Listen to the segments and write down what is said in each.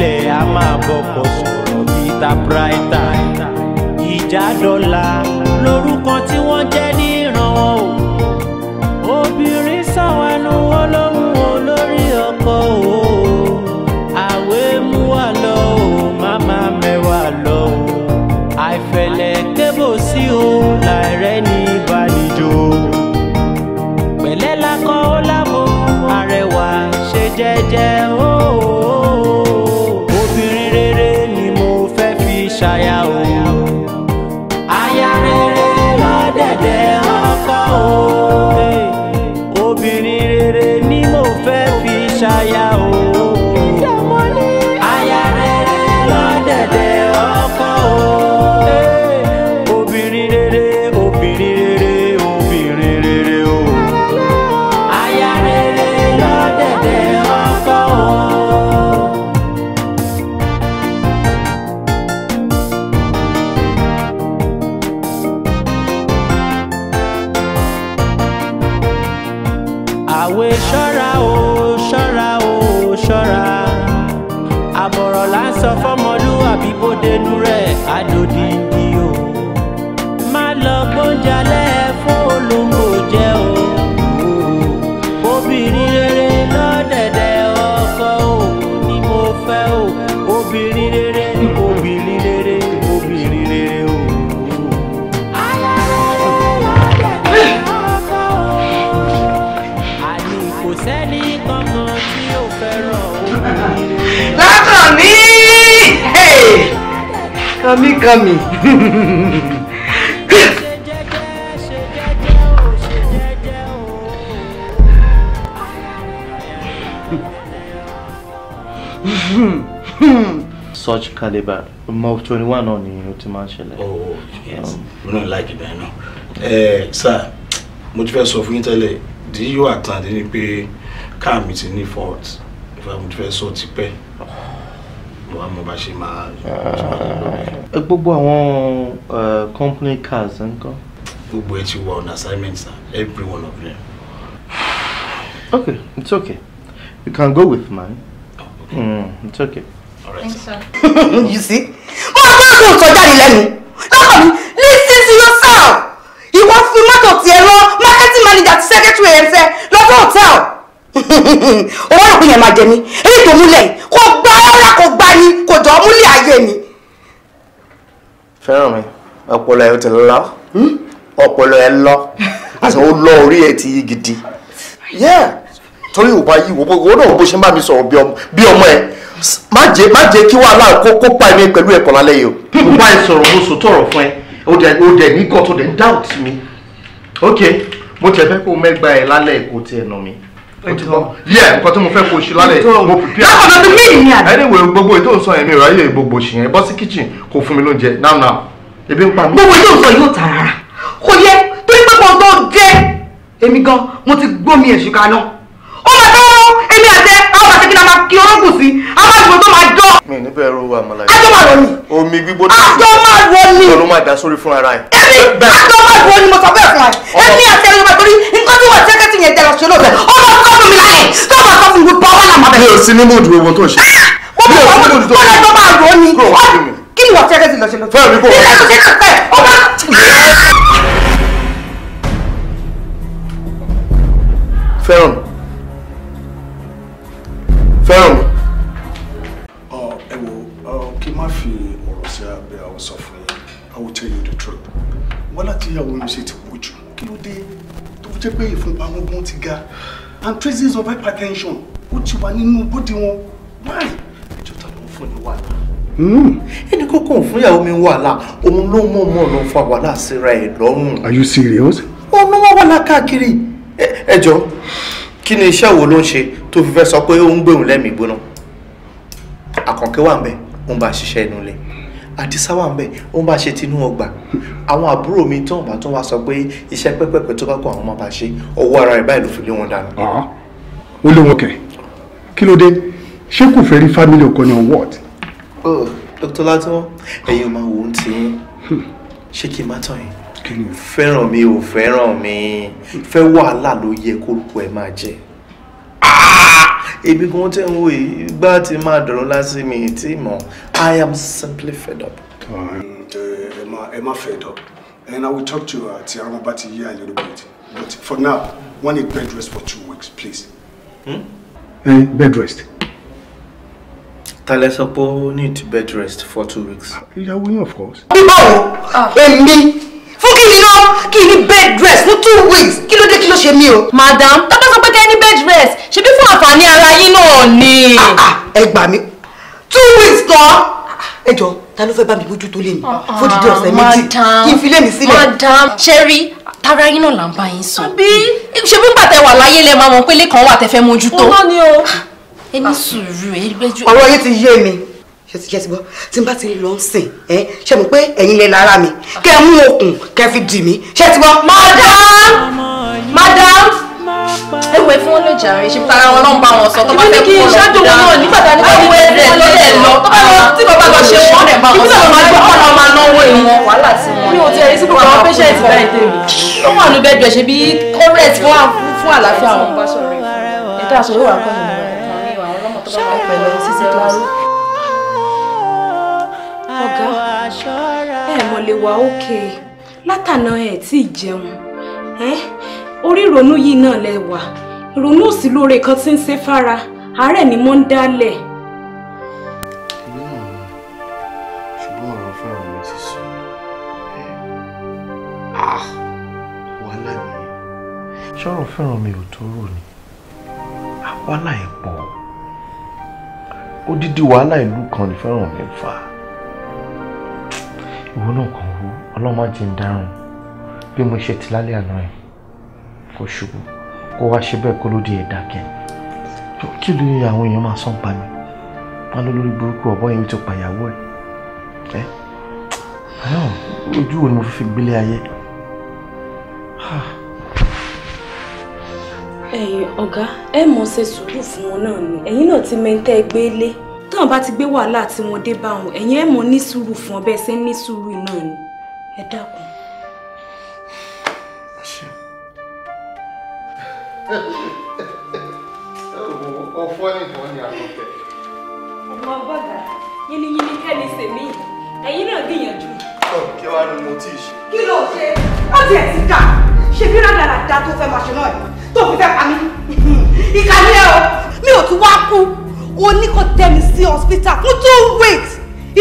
ilẹ̀ a máa bọ̀kọ̀ sọ̀rọ̀ Peter Prater ìjà dọ́là lórúkọ tí wọ́n jẹ́. kànmí kànmí. such caliber mob twenty one náà ni o ti máa ń oh yes we um, don't like it, náà. ẹ eh, sir mo ti fẹ́ sọ fún yín tẹ́lẹ̀ di yóò àtàndé ni pé káà mi ti ní fault ìfẹ́ mo ti fẹ́ sọ ti pẹ́ mo wá mo bá ṣe máa. Ah. Eh, gbogbo àwọn eh, company cars nǹkan. gbogbo ẹ ti wà on assignment sir every one of them. okay it's okay you can go with mine. Oh, okay. mm, it's okay. all right sir. you see mo máa bá ọkọ̀ ọ̀tọ̀ jáde lẹ́nu lọ́kàn mi listen to yourself ìwọ fi mọ́tò tiẹ̀ lọ marketing manager ti secretary ẹ̀ ń fẹ́ lọ́dọ̀ hotel owó ìpín yẹn máa jẹ mí èyí tó múlẹ̀ kò gbá ọ́rá kò gbá ni kò jọ múlẹ̀ ayé mi. fẹ́ràn mi ọpọlọ ẹ ti lọ hmm? ọpọlọ ẹ lọ àti ó lọ orí ẹ ti yí gidi torí ò bá yí wo owó náà bó ṣe ń bá mi sọ̀rọ̀ bí ọmọ ẹ má jẹ́ kí wàhálà kó kópa ẹ̀mí pẹ̀lú ẹ̀kọ́ lálẹ́ yìí o. mo bá ẹ sọ̀rọ̀ mo sọ tọ̀rọ̀ fún ẹ o dẹ̀ ní gọ́tò dẹ̀ ń dáùtì mi ok mo tẹ̀ fẹ́ kó mẹ́gbàá ẹ lálẹ́ èkó tiẹ̀ nà mí yẹ nǹkan tí mo fẹ́ kó ṣe lálẹ́ mo prepare. láwọn ọ̀nà tó mí ni àná. anyway gbogbo ètò ìsọ yẹn mi ò ráyè gbogbo ṣì yẹn bọ́ sí kitchen kò fún mi lóúnjẹ now now ebi ń pa mí. gbogbo ètò ìsọ yóò tà rárá kò yẹ torí pé kò tó jẹ èmi gan mo ti gbómi ẹ̀ṣù kaná ó máa tọ́ èmi àtẹ àwọn àti kìnnà máa kí orókùn sí àwọn àgbò tó máa jọ. mi ní bẹ́ẹ̀ ro àmàlà yìí. àjọ rọ ni. omi gbígbóná. àjọ máa rọ fún mi láyè tó máa sọ fún gbogbo ọwọ́ làmọ́ bẹ̀rẹ̀. mi ò sí ní mood gbogbo tó ń ṣe. Ah, mo mọ̀ ọ́ mo lọ tó máa rò ó ni kí ni wọ́n fẹ́ẹ́ ti lọ ṣe lọ. fẹ́ẹ̀mí kò wọ́n. kí ni wọ́n fẹ́ẹ́ ọ bá. fẹ́ràn fẹ́ràn. ẹ wo kí n má fi ọ̀rọ̀ sí abẹ́ àwọn sọ fún yín I will tell you the truth wọ́n láti yàwó yín ṣe ti pọ̀ jù kí ló dé tó fi jẹ́ pé ìfúnpá wọn gbọ́n ti ga and traces of hypertension ó ti wà nínú bóde wọn why ẹjọ́ ta ló ń fún ni wàhálà. ẹnì kọ́kọ́ ò fún ìyàwó mi wàhálà òun ló no mọ́ ló fa wàhálà síra ẹ̀ are you serious. òun no wá wàhálà káàkiri ẹjọ́ kí ni iṣẹ́ wo ló ń ṣe tó fi fẹ́ sọ pé ó ń gbèrú lẹ́mìí gbóná àkànkẹ́ wà ń bẹ̀ ó àdìsá wà mbẹ ó ń bá ṣe tinú ọgbà àwọn àbúrò mi tó ń bá tó wá sọ pé iṣẹ́ pẹ́pẹ́pẹ́ tó bá kó àwọn máa bá ṣe ọwọ́ ara rẹ̀ báyìí ló fi lé wọn dànù. Ah, ó lé wọn kẹ kí ló dé ṣé kò fẹ́ rí family ọkọ ni on what. oh dr latiwọn ẹ̀yin máa wò ó ti ń ṣé kí n má tàn yín fẹ́ràn mi ò fẹ́ràn mi fẹ́ wàhálà ló yẹ kórúkọ ẹ máa jẹ. Ah! èmi gan tẹ́ ń wò yìí ti máa dọ̀rọ̀ lásì mi tí mọ̀ I am simply fed up. ẹ má ẹ má fed up and I will talk to you àti uh, àwọn bá ti yé a little bit but for now one need bed rest for two weeks please. Hmm? Eh, bed rest. Talẹ sọ pé ó need bed rest for two weeks. Ìyàwó yín of course. Bíbáwo, ah. èmi fún kí ni náà kí ni bed rest for two weeks kí ló dé kí ló ṣe mí o. Madam, tọ́pẹ́ ní bed rest ṣebí fún àǹfààní ara yín náà ni. Ah, ah, ẹ gbà mí two weeks tán ah, ẹ jọ ta ló fẹ́ bá mi bójú tó lé mi fódìdí ọ̀sẹ̀ méjì kí n fi lé mi sílẹ̀. madam ṣẹ́rí tara yín náà là ń bá yín sọ ṣe bí gbàtẹ wà láyé lẹ máa mọ pé lẹ́kàn wà tẹ fẹ́ mójú tó ẹ ní sùúrù ẹ gbẹ́jú. ọ̀rọ̀ yìí ti yé mi ṣe ti gbọ́ tí n bá ti lọ sìn ẹ ṣe mọ̀ pé ẹ̀yin lẹ lára mi kẹ́ mú okùn kẹ́ fi dì mí ṣe ti gbọ́. madam madam ewé fún wọn lè jàre ṣe tara wọn náà ń bá wọn sọ tó bá fẹ́ kó wọn náà nígbà tá a ní bá wọn lọ lè lọ tó bá lọ tí bàbá lọ ṣe wọn rẹ̀ bá wọn sọ wọn máa wọn náà máa ìwọn wàhálà tí wọn. mi ò tẹ ẹsí púpọ̀ àwọn patient bẹ́ẹ̀ tèmi ó wà ní bẹ́ẹ̀ ṣe bí correct fún àlàáfíà wọn. ètò àṣọyé wà kọ́ ọ̀gá ẹ̀ mọ̀ lè wà ókè látànà ẹ̀ tí ì jẹun orí ìrònú yìí náà lẹ wà ìrònú òsì lóore kan tí ń ṣe fára àárẹ̀ ni mo ń dálẹ̀. sọ̀rọ̀ fẹ́ràn ah, mi ò tó rò ní ah, wàhálà ẹ̀ pọ̀ odidi wàhálà ìlú kan ní fẹ́ràn mi ń fà ìwọ náà kàn wú ọlọ́mọ jẹ́ ń dáràn bí mo ṣe ti lálẹ́ àná ẹ̀ kó ṣubú kó wá ṣe bẹ́ẹ̀ kó lóde ẹ̀ dákẹ́ kí ló yẹ àwọn èèyàn máa sàn pa mi wọn ló lórí burúkú ọ̀bọ yẹn tó pàyàwó ẹ̀ ẹ̀ ojú wo ni mo fi fi gbélé ayé. ẹ̀yin ọ̀gá ẹ mọ̀ ṣe sùúrù fún wọn náà ni ẹ̀yin náà ti mẹ́ńtẹ́ gbé lé táwọn bá ti gbé wàhálà tí wọ́n dé bá wọn ẹ̀yin ẹ mọ̀ ní sùúrù fún ọ bẹ́ẹ̀ ní sùúrù náà ni ẹ dákun. ọ̀fọ́ nìkan ni àkọ́kẹ́. ọmọ bọ́dà yínníyínní kẹ́ni sèmi ẹ̀yin náà gbìyànjú. kí wàá ní mo tí ì ṣe. kí ló ṣe ó tiẹ̀ ti kà ṣe bí rádaràda tó fẹ́ máa ṣe náà tó fi fẹ́ pa mí ìkàlẹ́ o mi ò tún wá kú o ní kò tẹ́ mi sí hospital fún two weeks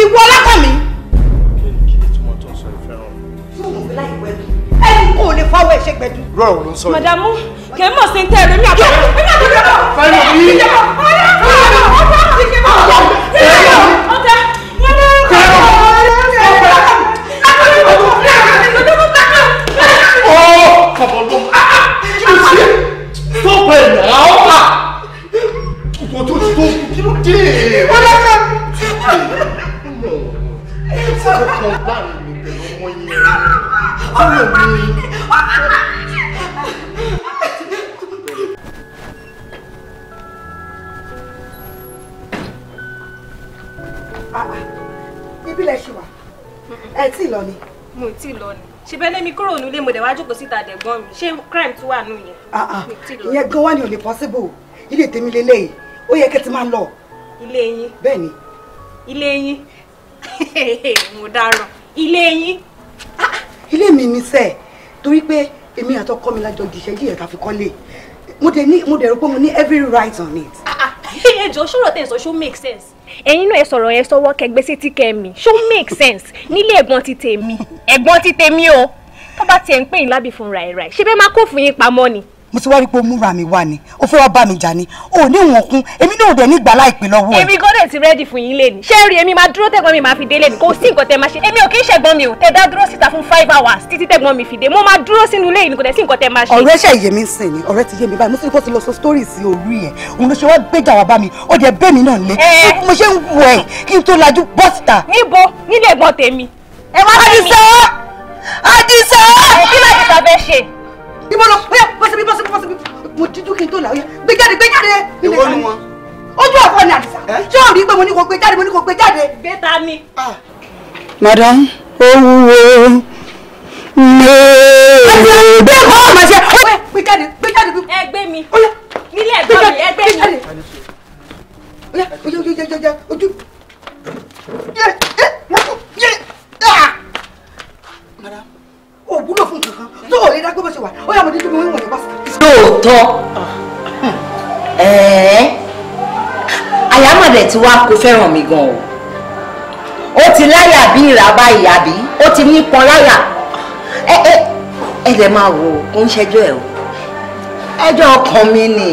ìwọ ọlákàn mi. ẹni kò lè fọwọ́ ẹ̀ ṣe gbẹ̀dú. rọrọ ló ń sọ yìí. màdàmú kì í mọ̀ sí tẹ́ mi àbọ̀ mi àbọ̀ mi àbọ̀ fẹ́rẹ̀ mi. Oh, come on, come on. Ah, did you see it? Stop it ṣe fẹ́ kọ láàrin mi pẹ̀lú ọmọ yẹn ọmọ mi. ibi lẹ ṣe wà ẹ tí ì lọ ni. mo tí ì lọ ni ṣebẹ́ lẹ́mi kúrò nílé mo dẹ̀ wá jókòó síta dẹ̀gbọ́n mi ṣé crime tún wà nù yẹn. Ah, ah. ìyẹn gan wà ní ò lè possible ilé tèmi lélẹ́yìí ó yẹ kẹ́ ti máa lọ. ilé yín. bẹ́ẹ̀ ilé yín mo dáràn ilé yín. ilé mi ni sẹ́ẹ̀ torí pé èmi àtọkọ mi lájọ jìṣẹ́ jìyẹ ká fi kọ́lé mo dẹ̀ ní mo dẹ̀ rò pé mo ní every right on it. Ah, ah. ẹjọ sọ̀rọ̀ tẹ̀ sọ ṣó make sense. ẹ̀yin náà ẹ sọ̀rọ̀ yẹn sọ́wọ́ kẹgbẹ́ sí tí kẹ́mi ṣó make sense nílé ẹ̀gbọ́n ti tèmi ẹ̀gbọ́n ti tèmi o tó bá tiẹ̀ ń pè yín lábì fúnra ẹ̀ ra ẹ̀ ṣé bẹ́ẹ̀ máa kó fún yín pamọ́ ni mo ti wá rí pé ó múra mi wá ni ó fẹ́ wá bá mi jà ni ò ní ìwọ̀n kún èmi náà dẹ̀ nígbà láìpẹ́ lọ́wọ́ ẹ̀. èmi gọ́dẹ̀ ti rẹ́dì fún yín lẹ́nu ṣé rí èmi máa dúró tẹ̀gbọ́n mi máa fi délé ni kò sí nǹkan tẹ́ máa ṣe èmi ò kí ń ṣẹ̀gbọ́n mi o ẹ dúró síta fún five hours títí tẹ̀gbọ́n mi fi dé mo máa dúró sínú ilé yìí ni kò dẹ̀ sí nǹkan tẹ́ máa ṣe. ọ̀rẹ́ ṣe yé mi sìn ni ọ̀rẹ́ ti yé mi báyìí mo sì kó ti lọ sọ story sí orí ẹ̀ òun ibo lọ bóyá bọ́sibí bọ́sibí bọ́sibí mo dídú kí n tó là ó yẹ gbé jáde gbé jáde. èwo ni wọn. ojú ọ̀fọ̀ ni àdìsá ṣé ò rí pé mo ní kò gbé jáde mo ní kò gbé jáde. gbé ta ni. madam ó wúwo mẹ́ẹ̀ẹ́ bẹ́ẹ̀ kọ́ ọ̀ma ṣe gbé jáde gbé jáde. ẹgbẹ́ mi nílé ẹ̀gbọ́n mi ẹgbẹ́ mi. ojú madam o wúlò fún kankan tó o lè dágbé bó ṣe wà ó yà mọ̀ dídí mo ń wọ̀nyí pàṣẹ. lóòótọ́ àyámọ̀dẹ̀ tí wàá kó fẹ́ràn mi gan o ó ti láyà bí ìràbá ìyá bí ó ti ní pọn láyà ẹ ẹ ẹ lè máa wò ó kó ń ṣẹjọ́ ẹ o ẹjọ́ ọkàn mi ni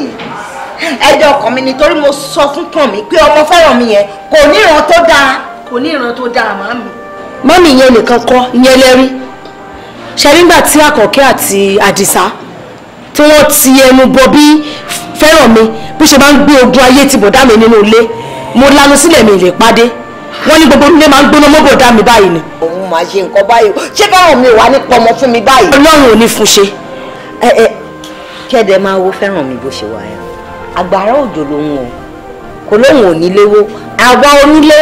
ẹjọ́ ọkàn mi nítorí mo sọ fún kàn mí pé ọmọ fẹ́ràn mi yẹn kò ní ìran tó dáa. kò ní ìran tó dáa màámi. mọ́mì yẹn nìkan kọ́ ìyẹn lẹ́rí ṣe nígbà tí àkànkẹ́ àti àdìsá tí wọ́n ti ẹnu bọ bí fẹ́ràn mi bó ṣe máa ń gbé ogun ayé ti bọ̀dá mi nínú ilé mo lanu sílẹ̀ mi lè pàdé wọ́n ní gbogbo ilé máa ń gbóná mọ́ bọ̀dá mi báyìí ni. òun máa ṣe nǹkan báyìí ṣé fẹ́ràn mi wà ní pọmọ fún mi báyìí. ọlọ́run ò ní fún ṣe. ẹ ẹ kẹ́dẹ̀ máa wo fẹ́ràn mi bó ṣe wà yẹn àgbàrá òjò lòun o kò lóun ò níléwó àwa onílé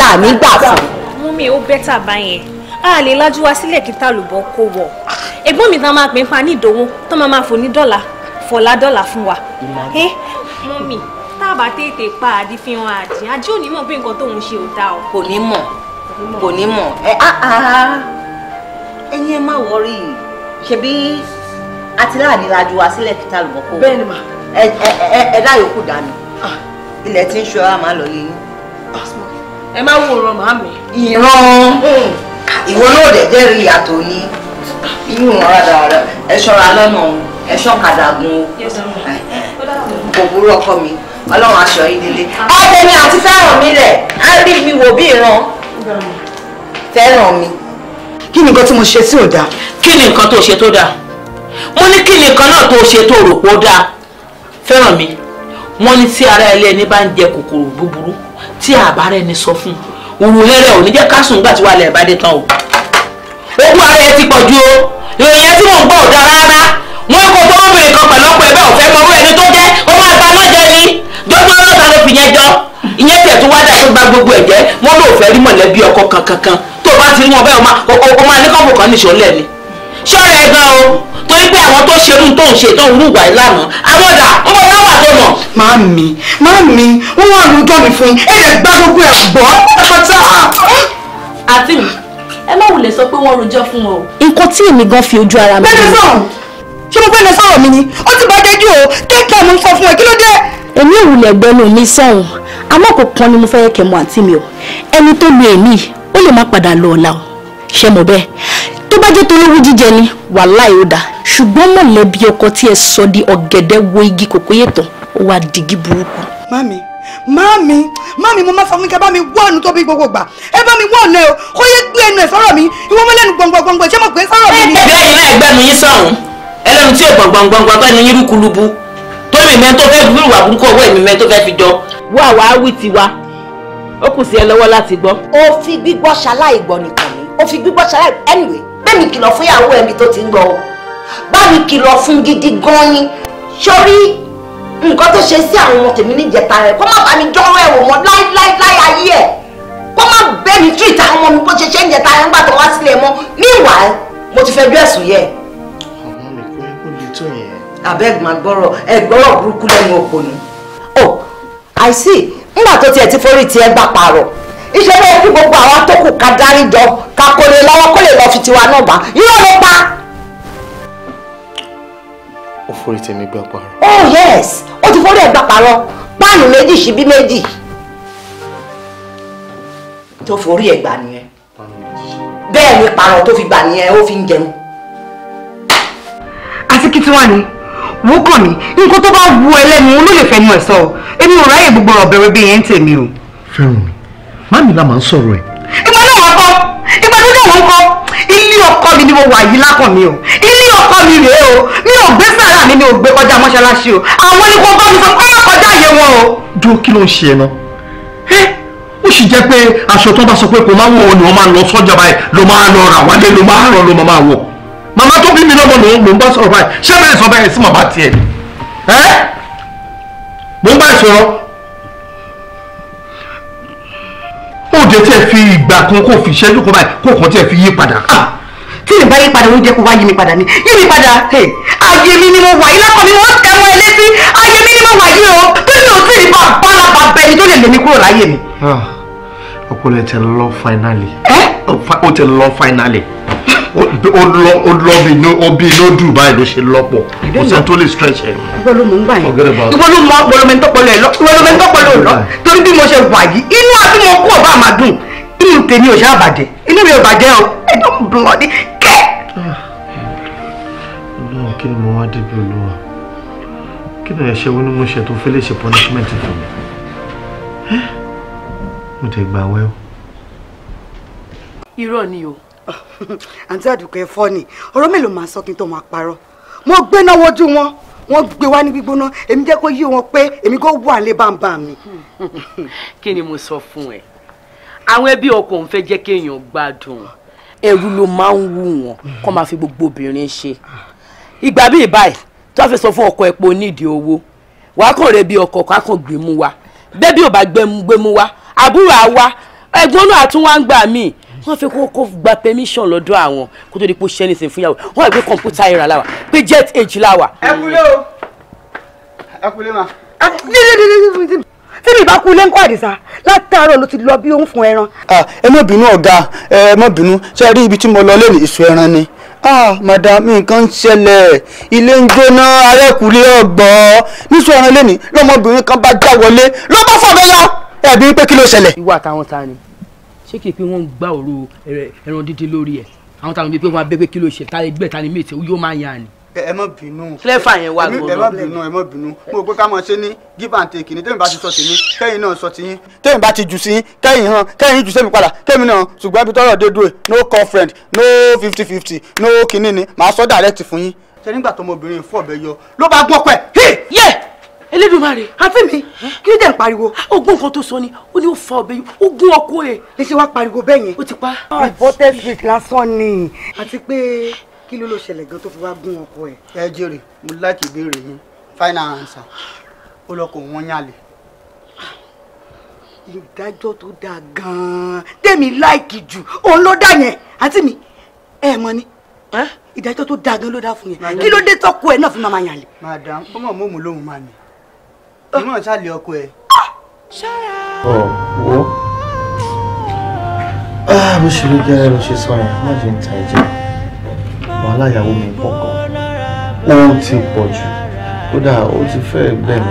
làmì fún. mú mi ó bẹ́tà báyẹn a lè lajú wa sílẹ̀ kí tàlùbọ̀ kó wọ̀ ẹ̀gbọ́n mi ta máa pè ń pa ní ìdòwò tó máa máa fò ní dọ́là fọ̀lá dọ́là fún wa. mọ́mì tá a bá tètè pa àdìfihàn àdì àjẹ́ òní mọ̀ pé nǹkan tóun ṣe ò dáa o. kò ní mọ̀ kò ní mọ̀ ẹ ah, ah, ẹyin ẹ má wọrí ṣebí atiláàdì lajú wa sílẹ̀ kí tàlùbọ̀ kó wọ̀ bẹ́ẹ̀ ni mà ẹ dá yòókù dànù ah. ilẹ̀ tí ń ṣọ́ra máa lọ lẹ́yìn. ẹ má wòran màmí. ìran. Hmm ìwọ náà dẹ̀ jẹ́ rí ìyàtọ̀ ní inú ọ̀rá dáadáa ẹ ṣọ́ra lọ́nà o ẹ ṣọ́kadà gun o kò burú ọkọ mi ọlọ́run aṣọ yìí délé ọ̀dẹ mi àti fẹ́ràn mi rẹ̀ á rí mi wò bí ìran fẹ́ràn mi. kí ni nǹkan tí mo ṣe tí ò dáa. kí ni nǹkan tó ṣe tó dáa mo ní kí ni nǹkan náà tó ṣe tó rò pé ó dáa fẹ́ràn mi wọ́n ní tí ara ẹlẹ́ni bá ń jẹ kòkòrò búburú tí àbárẹ́ni sọ fún un wùwù lérè ò ní jẹ́ ká sùn gbà tí wà lẹ̀ bá tán o. ogún ara ẹ ti pọ̀ ju o ìròyìn yẹn tí mò ń gbọ́ ò dára rárá wọn kò gbọ́ obìnrin kan pẹ̀lú ọkọ ẹgbẹ́ ọ̀fẹ́ mọ ẹni tó jẹ́ ó máa gba lọ́jẹ́ ni dọ́gbọ́n ọlọ́ta ló fi yẹn jọ ìyẹn tẹ̀ tó wá tó gba gbogbo ẹ̀jẹ̀ wọn ló fẹ́ rí mọ̀lẹ́bí ọkọ kankankan tó bá ti rí wọn bẹ́ẹ̀ o máa ní kọ́ọ̀bù kan nìṣó lẹ̀ ni ṣọ́ọ̀rẹ́ gan o torí pé àwọn tó ṣerú tóun ṣe tóun rúwà ìlànà àwọn ọ̀dà ń bọ̀ láw lọ́nà. máa mi máa mi wọ́n wà ní ọjọ́ mi fún yín ẹ lè gbá gbogbo ẹ̀ gbọ́ pátápátá. àti ẹ má wulẹ̀ sọ pé wọ́n rojọ́ fún ọ. nǹkan tí èmi gan fi ojú ara mi. bẹ́ẹ̀ ni sọ̀rọ̀ ṣé mo fẹ́ lọ sọ̀rọ̀ mi ni ó ti bá dẹ́jú o tẹ́kẹ̀ mo ń sọ fún ẹ kí ló dé. èmi ò wulẹ̀ gbẹnu mi sọ̀hún àmọ́ kò kan ni mo fẹ́ kẹ̀ mọ́ àǹtí mi o ẹni tó lu èmi ó lè má padà lọ ọ̀la o ṣe mọ̀ bẹ́ẹ̀ tó bá jẹ́ tolówó jíjẹ ni wàhálà yóò dáa ṣùgbọ́n mọ̀lẹ́bí ọkọ tí ẹ sọ di ọ̀gẹ̀dẹ̀ wo igi kòkóyè tán ó wá digi burúkú. mami mami mami mo máa sọ fún kí ẹ bá mi wọ́ọ̀nù tó bí gbogbo gbà ẹ bá mi wọ́ọ̀nù ẹ o kó yẹ gbé ẹnu ẹ sọ̀rọ̀ mi ìwọ mọ lẹ́nu gbọ̀ngbọ̀ngbọ̀ ṣé mo pè é sọ̀rọ̀ mi ni. ẹ bẹ́ẹ̀ ni ẹgbẹ́nu yín sọ̀hún ẹlẹ́nu tí ò gbọ̀ngbọ̀ngbọ̀ tó ẹni yín rúkúlùbù tó mi mẹ́ tó fẹ́ fi wà burúkú ọwọ́ èmi mẹ́ tó fẹ́ fi jọ. wá wá wí tiwa ó kù sí ẹ lọ́wọ́ láti gbọ́. ó fi gbígbọ́ ṣaláì gbọ́ nìkan ni ó fi gbígbọ́ ṣaláì anyway bẹ́ẹ̀ mi kìlọ̀ fún ìyàwó ẹ̀mí tó ti ń gbọ́ o bá mi kìlọ̀ fún gidi gan-an ni sórí nǹkan tó ṣe sí àwọn ọmọ tèmi níjẹta rẹ kó má bá mi dánwó ẹ̀wò mọ́ láíláíláí ayé ẹ̀ kó má bẹ́ mi tú ìta àwọn ọmọ mi bó ṣe ṣe ń jẹta rẹ ńgbà tó wá sílẹ̀ mọ́ meanwhile mo ti fẹjọ́ ẹ̀sùn yẹ. ọmọ mi kò yẹ kó lè tó yẹn. abeg ma gbọ́rọ̀ ẹ gbọ́rọ̀ burúkú lẹ́nu òpònú. oh i see ńgbà tó tiẹ̀ ti forí tiẹ̀ gbà pààrọ̀ ìṣẹ́lẹ̀ kí gbogbo àwọn tó kù ká dárí jọ ká kólé lọ́wọ́ kólé lọ́ fi tiwa náà bá yóò lọ pa forí tèmi gbà parọ́. oh yes o ti forí ẹ̀ gbà parọ́ páànù méjì ṣíbí méjì tó forí ẹ̀ gbà nìyẹn bẹ́ẹ̀ ni parọ́ tó fi gbà nìyẹn ó fi ń jẹun. àti kí tí wàá ní wò kàn mí nǹkan tó bá wu ẹlẹ́nu ló lè fẹnu ẹ̀ sọ èmi ò ráyè gbogbo ọ̀bẹ̀ rẹ bí yẹn ń tèmi o. fẹ́ràn mi má mi la máa ń sọ̀rọ̀ ẹ̀. ìgbà náà wà kọ́ ìgbà tó dẹ̀ wọ́n kọ́ ilé ọkọ mi ni mo wà yìí lákàn mi o ilé ọkọ mi rèé o mi ò gbé sàrà mi mi ò gbé kọjá mọ́ṣáláṣí o àwọn ni kò bá mi sọ pé wọ́n kọjá yẹn wọn o. dúró kí ló ń ṣe ẹ ó sì jẹ́ pé aṣọ tó bá sọ pé kò máa wọ̀ ni wọ́n máa lọ sọ́jà báyìí ló máa lọ rà wálé ló máa rán ló máa wọ̀ màmá tó bí mi lọ́mọ ló ń bá sọ̀rọ̀ báyìí ṣé bẹ́ẹ̀ sọ bẹ́ẹ̀ sí màmá tiẹ̀ ẹ́ mo ń bá ẹ fi ìgbà kàn tí ẹ fi yí padà ah! tí ìbá yí padà oúnjẹ kó wá yí mi padà ni yí mi padà ayé mi ni mo wà yí lákọ̀ọ́ mi wọ́n tẹ̀ wọ́n ẹ létí ayé mi ni mo wà yí o tó ní òtún ìbá bálaba bẹni tó lè lè mi kúrò láyé mi. Ah, ọkùnrin ẹ tẹ lọ finally. ó tẹ lọ finally ó lọ ó lọ bí inú ọbí inú dùn báyìí ló ṣe lọ́pọ̀ kò sẹ́ni tó lè stretch ẹ̀. ìwọ ló mú ń gbà yẹn ìwọ ló mọ ọpọlọ mi ń tọpọlọ ẹ lọ ìwọ ló mi ń tọpọlọ ẹ lọ torí bí mo ṣe wà yìí inú àti mo kú ọba àmàdùn inú tèmi ò ṣáà bàjẹ́ inú mi ò bàjẹ́ o ẹ dọ́kun bloody ọlọ́run ah. kí ni mo wá débi olúwa kí ni ẹ̀ṣẹ̀ wo ni mo ṣe tó fẹ́ lè ṣe punishment fún mi mo tẹ̀ gbà wẹ́ o. irọ́ ni o. Ah, àǹtí àdùkẹ́ fọ́ ni ọ̀rọ̀ mélòó máa sọ kí n tó máa parọ́ mo gbé náà wojú wọn wọ́n gbé wá ní gbígbóná èmi jẹ́ kó yí wọn pé èmi kò wà lé bàǹbà mi. kí ni mo sọ fún ẹ àwọn ẹbí ọkọ òun fẹ́ jẹ́ kéèyàn gbádùn ẹrú ló máa ń wù wọ́n kó máa fi gbogbo obìnrin ṣe ìgbà bíi báyìí tó a fi sọ fún ọkọ epo nídìí owó wàá kàn rẹ bí ọkọ kan kàn gbé mu wa bẹ́bí ò bá gbé mu wa àbúrò àwa ẹ̀gbọ́n náà tún wá ń gbà míì wọ́n fi kó kó gba permission lọ́dọ̀ àwọn kó tó di pé ó ṣe anything fún yàwó wọ́n gbé kọ̀ǹpútà ìrà láwà pé jet age láwà. ẹ kúlé o ẹ kúlé ma tí mi bá kú lé ń kọ́ àdìsá látàárọ̀ ló ti lọ bí ó ń fún ẹran. ẹ má bínú ọ̀gá ẹ má bínú ṣe rí ibi tí mo lọ lẹ́nu ìṣù ẹran ni. madam nǹkan ń ṣẹlẹ̀ ilé ń jóná arẹ́kùnrin ọgbọ́n níṣu ẹran lẹ́ni lọ́mọbìnrin kan bá já wọlé ló bá fọ̀dọ̀ yá ẹ̀bí pé kí ló ṣẹlẹ̀. ìwà àtàwọn ta ni ṣé kìí pé wọ́n ń gbá òru ẹran dídín lórí ẹ̀ àwọn táwọn bíi pé wọ́n ẹ má bínú. flẹ́fà yẹn wà gbọ́dọ̀. ẹ má bínú ẹ má bínú mo pé ká mọ ṣe ní give and take ni tẹ́yìn bá ti sọ tèmi kẹ́yìn náà sọ tiyín tẹ́yìn bá ti jù sí kẹ́yìn hàn kẹ́yìn jù sẹ́mi padà kẹ́mi náà ṣùgbọ́n ibi tọ́rọ̀ dé dúró no call friend no fifty fifty no kinní ni màá sọ direct fún yín. ṣe nígbà tó ọmọbìnrin fún ọbẹ̀ yọ ló bá gbọ́ pẹ́ yé Elédùmarè àfẹ́ mi kí ló dé ń pariwo. ogun nǹkan tó sọ ni ó ní ó fa ọbẹ̀ yìí ó gún ọkọ ẹ̀. lè ṣe wá pariwo bẹ́ẹ̀ yẹn. ó ti pa. reported speech lásán ni. àti pé kí ló ló ṣẹlẹ̀ gan tó fi wá gún ọkọ ẹ̀. ẹ jèrè mo láti ìbéèrè yín final answer ó lọkọ wọn yàlè. ìdájọ́ tó dáa gan-an tèmi láìkì jù òun ló dà yẹn àǹtí mi ẹ mọ ni ìdájọ́ tó dáa gan ló dáa fún yẹn kí ló dé tọ́kọ ẹ̀ náà fi máa yàlè. madam ó mọ̀ mọ́ òun lóhùn máa mi ah. ìmọ̀ ṣàlẹ̀ ọkọ ẹ̀. ọ̀ wo ah, bó ṣe ló jẹ́ ló ṣe sọ yẹn má jẹ́ ń ta ẹ̀jẹ̀ wàhálà ìyàwó mi pọ̀ gan ó ti pọ̀ jù kódà ó ti fẹ́ gbẹ̀mí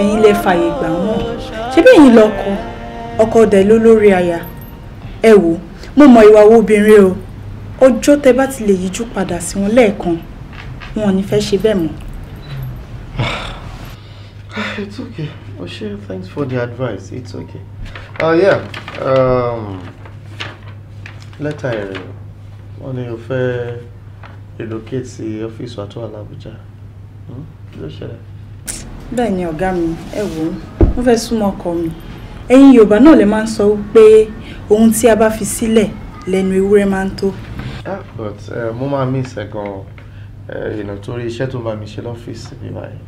ẹ̀yin lè fààyè gbà wọ́n ṣebí ẹ̀yin lọ́kọ ọkọ dẹ̀ ló lórí aya ẹ wò mo mọ ìwà owó obìnrin o ọjọ́ tẹ bá ti lè yíjú padà sí wọn lẹ́ẹ̀kan wọn ò ní fẹ́ ṣe bẹ́ẹ̀ mọ́. Ah, it's okay. Oshe, thanks for the advice. It's okay. Oh, uh, yeah. Um, letter wọ́n ní o fẹ́ relocate sí ọ́fíìsì wa tó wà lábújá hmm? kí ló ṣẹlẹ̀. bẹ́ẹ̀ ni ọ̀gá mi ẹ wò ó wọ́n fẹ́ súnmọ́ ọkọ mi ẹ̀yin yorùbá náà lè máa ń sọ pé ohun tí a bá fi sílẹ̀ lẹ́nu ewúrẹ́ máa ń tó. Ah, but eh, mo máa mí ìṣẹ̀gàn ìnà torí iṣẹ́ tó bá mi ṣe lọ́fíìsì mi báyìí.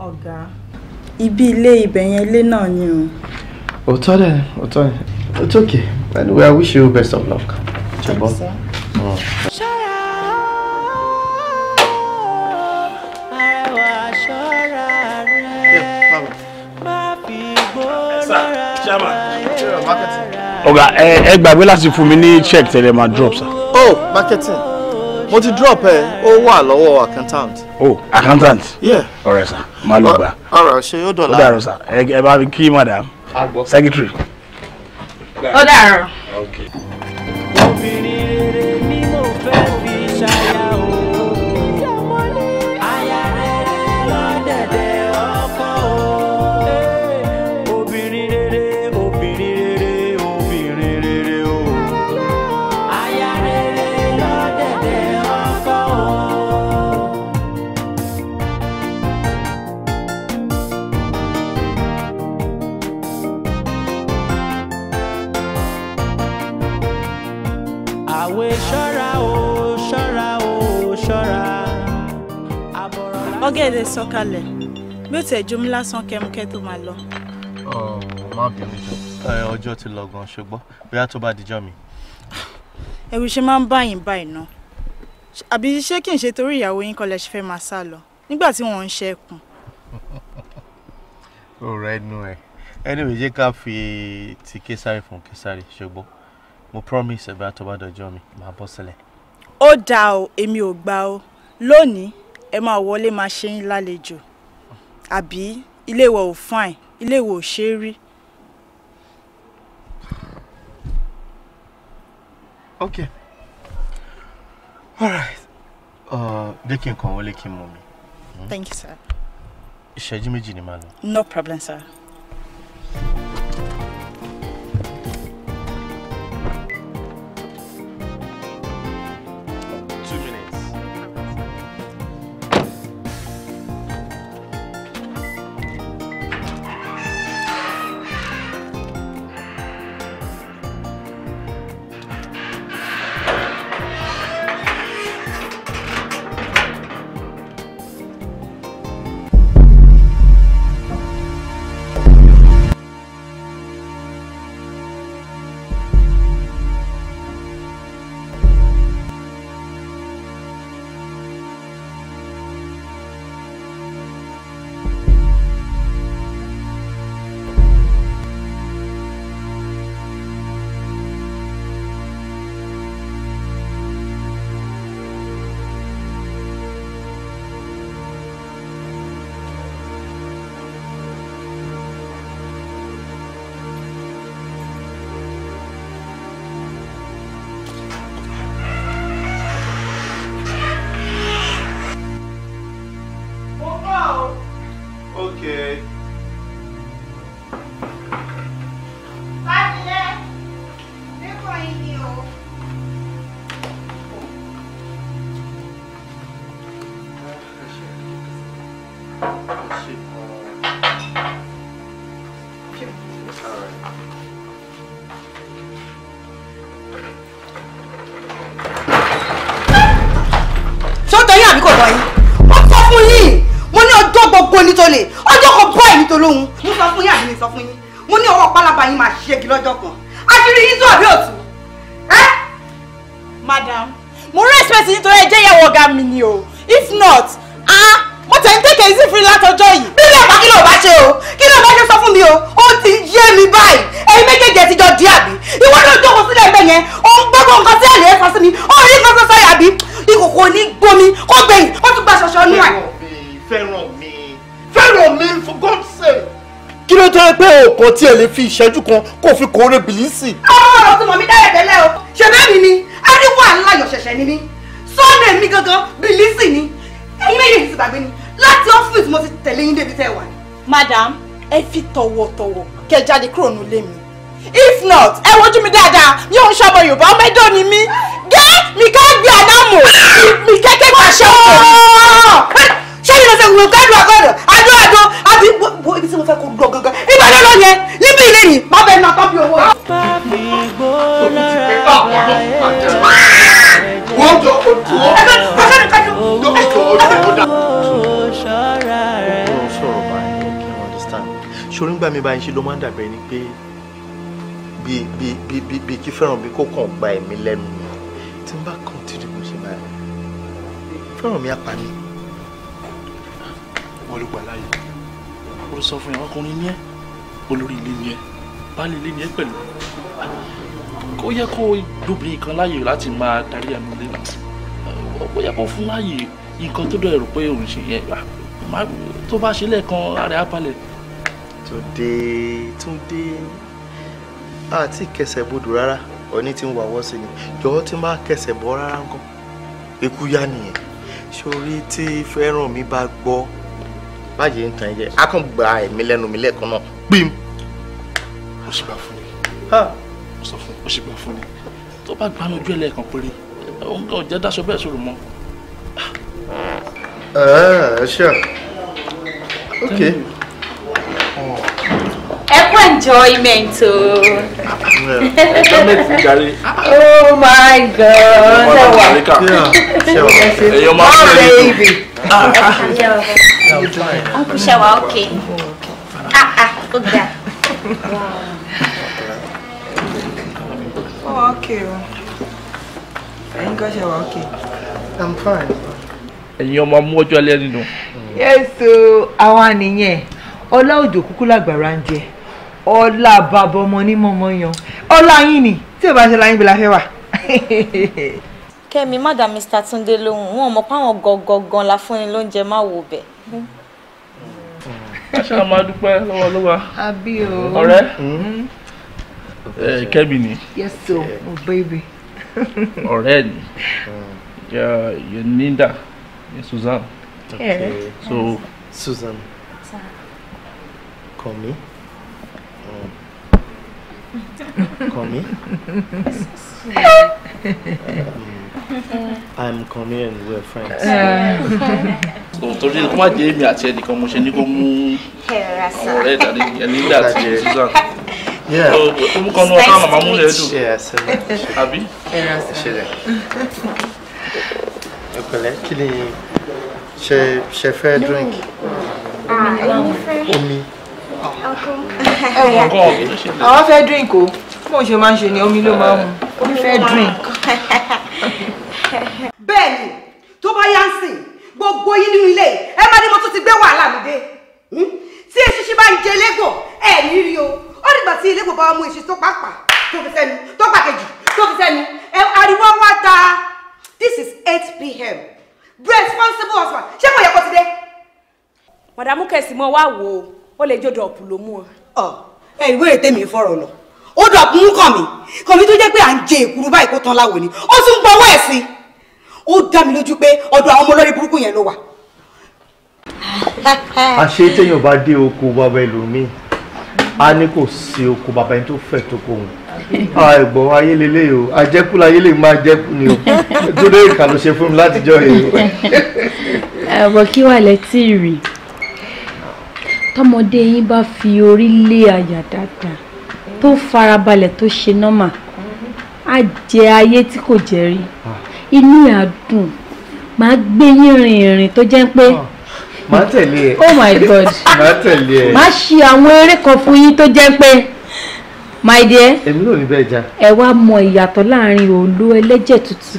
ọ̀gá ibi ilé ibẹ̀ yẹn ilé náà ni o. òótọ́ dẹ̀ òótọ́ dẹ̀ it's okay anyway I wish you best of luck. Thank you, sir ṣọ́ra àrẹwà ṣọ́ra rẹ má fi gbónára ọ̀gá ẹ gbàgbé láti fún mi ní check tẹ́lẹ̀ máa drop sa. oh marketing mo ti drop ẹ ó wà lọ́wọ́ accountant. oh accountant. yeah ọ̀rẹ́ sà máa lọ gbà. ọ̀rọ̀ ṣe yóò dọ̀la. ó dàrú sà ẹ bá mi kí madam secretary. ó dàrú. okay. ọ̀gẹ̀dẹ̀ sọ̀kalẹ̀ bí ó tẹ̀ jó mi lásán kẹmukẹ́ tó máa lọ. má bínú jọ ọjọ́ ti lọ gan ṣùgbọ́n bóyá tó bá dijọ́ mi. ẹ̀rù ṣe máa ń báyìí báyìí náà àbí ṣé kí n ṣe torí ìyàwó yín kọ́lẹ̀ ṣe fẹ́ máa sá lọ nígbà tí wọ́n ń ṣẹ́kùn. ó rẹ ẹ anyway jẹ́ ká fi ti késàrì fún késàrì ṣùgbọ́n mo promise ẹ̀ bá tó bá dọjọ́ mi máa bọ́ sílẹ̀. ó dáa o èmi ò gbà o lónìí ẹ máa wọlé máa ṣe yín lálejò àbí ilé ìwọ ò fine ilé ìwọ ò ṣe é rí. okay alright jẹ́ kí n kàn wọlé kí n mú mi. Hmm? thank you sir. ìṣẹ́jú méjì ni màá lọ. no problem sir. ni ó rí kọ́kọ́ sọ́yà bí ìkòkò ní gbomi kó gbẹ̀yìn ó tún gba ṣọ̀ṣọ̀ nù ẹ̀. fẹ́ràn mi fẹ́ràn mi for God's sake. kí ló jẹ́ pé òkan tí ẹ lè fi ìṣẹ́jú kan kó fi kóore bìlísì. ọmọ ọ̀rọ̀ tó mọ̀ dáyẹ̀ tẹ́lẹ̀ o ṣe bẹ́ẹ̀ mi ni ariwo aláyọ̀ ṣẹ̀ṣẹ̀ ni mí sọ́ọ̀nà mi gangan bìlísì ni ẹ̀yin méjèèjì ti gbàgbé ni láti ọ́fíìsì mo ti tẹ̀lé yín débi tẹ́ wà. madam ẹ fi tọ̀wọ̀tọ̀wọ̀ kẹ́ jáde kúrò nílé mi if not I ẹ wojú mi dáadáa mi ò ń ṣọmọ yorùbá ọmọ ẹjọ́ Me, mí gé mi ká gbé àdámù mi kéké pàṣẹ ọkọ ṣé ìlú ṣe wùwẹ̀ kẹ́dùn àgọ́dọ̀ àdó àdó do. wo ibi tí mo fẹ́ kó gbọ́ gangan ìbàdàn go? yẹ níbi ilé yìí má bẹ́ẹ̀ náà kọ́pì owó. wọ́n jọ ojú ọ. ẹ bá pàṣẹ nìkan jù. ṣòro ń gbà mí báyìí ṣe ló máa ń dàbẹ̀ ni pé bí bí bí bí bí kí fẹ́ràn bí kò kàn gba ẹ̀mí lẹ́nu tí n bá kọ́ntínú bó ṣe máa fẹ́ràn mi apá mi. wọ́n ló gbà sọ fún yàrá ọkùnrin ní ẹ́ olórí ilé ní ẹ́ baálé ilé ní ẹ́ pẹ̀lú kó yẹ kó lóbìnrin kan láàyè láti máa darí ẹnu ilé náà ó yẹ kó fún láàyè nǹkan tó dọ̀ pé òun ṣe yẹ tó bá ṣe lẹ́ẹ̀kan ara ẹ̀ á balẹ̀. Túndé Túndé àti kẹsẹ̀ bodò rárá ọ̀ní tí ń wàwọ́ sí ni jọ̀wọ́ tí ń bá kẹsẹ̀ bọ́ rárá ńkọ́ ikú yá nìyẹn sórí tí fẹ́ràn mi bá gbọ́ báyìí ń tàn yẹ á kàn gba ẹ̀mí lẹ́nu mi lẹ́ẹ̀kan náà pim. ó sì gbà fún mi ó sọ fún mi ó sì gbà fún mi tó bá gbanú ojú ẹlẹ́ẹ̀kan péré òun kò jẹ́ dáṣọ bẹ́ẹ̀ sọ̀rọ̀ mọ́. Ah, ẹ ẹ ṣe ok ẹ enjoyment o. Oh. oh my god ẹ wà ẹyọ máa ń fẹ́ yìí tó. ọkùn ṣẹwà òkè ó ga. ó òkè o ẹ̀yin kan ṣẹwà òkè. i'm fine. ẹ̀yin ọmọ mú ọjọ́ lẹ́nu. yẹ́sọ̀ àwa nìyẹn ọlá òjò kúkú lágbára ń jẹ ọlá bàbá ọmọ ní mọ̀mọ́ yan ọlá yín ni tí ò bá ṣe láyín bí la fẹ́ wà. kẹ́mi má dá mr túndé lóhùn wọn mọ̀ páwọn gangan la fún ni lóúnjẹ má wò bẹ́ẹ̀ ṣá máa dúpẹ́ lọ́wọ́ lọ́wọ́ àbí o ọ̀rẹ́ hmm? kẹ́mi ni yes so oh baby ọ̀rẹ́ ni yoninda ni Susan so Susan Call me. Kànmí. I'm coming. and we're friends. So today, Torí kó má jẹ́ èmi àti ẹnìkan mo ṣe ní kó mú ọ̀rẹ́ ìdàdí ẹni ilé àti Susan. Ó mú kan ní ọ̀tá màmá múlẹ̀ dùn. Àbí? Ẹ̀pẹ̀lẹ́ kí She. She. fẹ́ drink? Ah, Omi ẹ̀wọ̀n gan ọ̀gẹ́ àwọn fẹ́ drink o bó ṣe máa ń ṣe ni omi ló máa ń mu omi fẹ́ drink. bẹ́ẹ̀ni tó bá yá ń sìn gbogbo yín nínú ilé ẹ má ní mo tún ti gbé wàhálà mi dé hmm? tí eṣinṣin bá ń jẹ lẹ́gò ẹ̀ ní rí o ó dìgbà tí ilé gbogbo ọmọ ìṣin tó pàápàá tó fi sẹ́nu tó pàkejì tó fi sẹ́nu ariwo wá ta this is eight pm responsible husband ṣé mo yẹ kó ti dé. mọ̀dàmú kẹ̀sì mọ́ wá wò ó ó lè jó dọ̀pù ló mú ọ. ẹ ìwé ètè mi fọ̀rọ̀ lọ ó dọ̀pù mú kàn mí kàn mí tó jẹ́ pé à ń jẹ èkúrú báyìí kó tán láwo ni ó tún gbọ́wọ́ ẹ̀ sí ó dá mi lójú pé ọ̀dọ̀ àwọn ọmọ lórí burúkú yẹn ló wà. àṣé téèyàn bá dé oko bàbá ẹlòmíì a ní kò sí oko bàbá ẹni tó fẹ̀ tó kò wù àìgbọ̀ ayé lélẹ̀ o àjẹkù láyé lè máa jẹkù ni o tó dé ìkà ló ṣe fún mi látijọ́ yìí. àbọ̀ kí wà lẹ́tí rí i tọmọdé yín bá fi orí lé àyà dáadáa tó farabalẹ̀ tó ṣe nọ́mà á jẹ ayé tí kò jẹ́ rí inú àdùn màá gbé yín rìn ìrìn tó jẹ́ pé ah, màá tẹ̀lé ẹ oh my god màá tẹ̀lé ẹ màá ṣe àwọn eré kan fún yín tó jẹ́ pé my dear èmi náà ní bẹ́ẹ̀ já ẹ wá mọ ìyàtọ̀ láàrin òòlù ẹlẹ́jẹ̀ tútù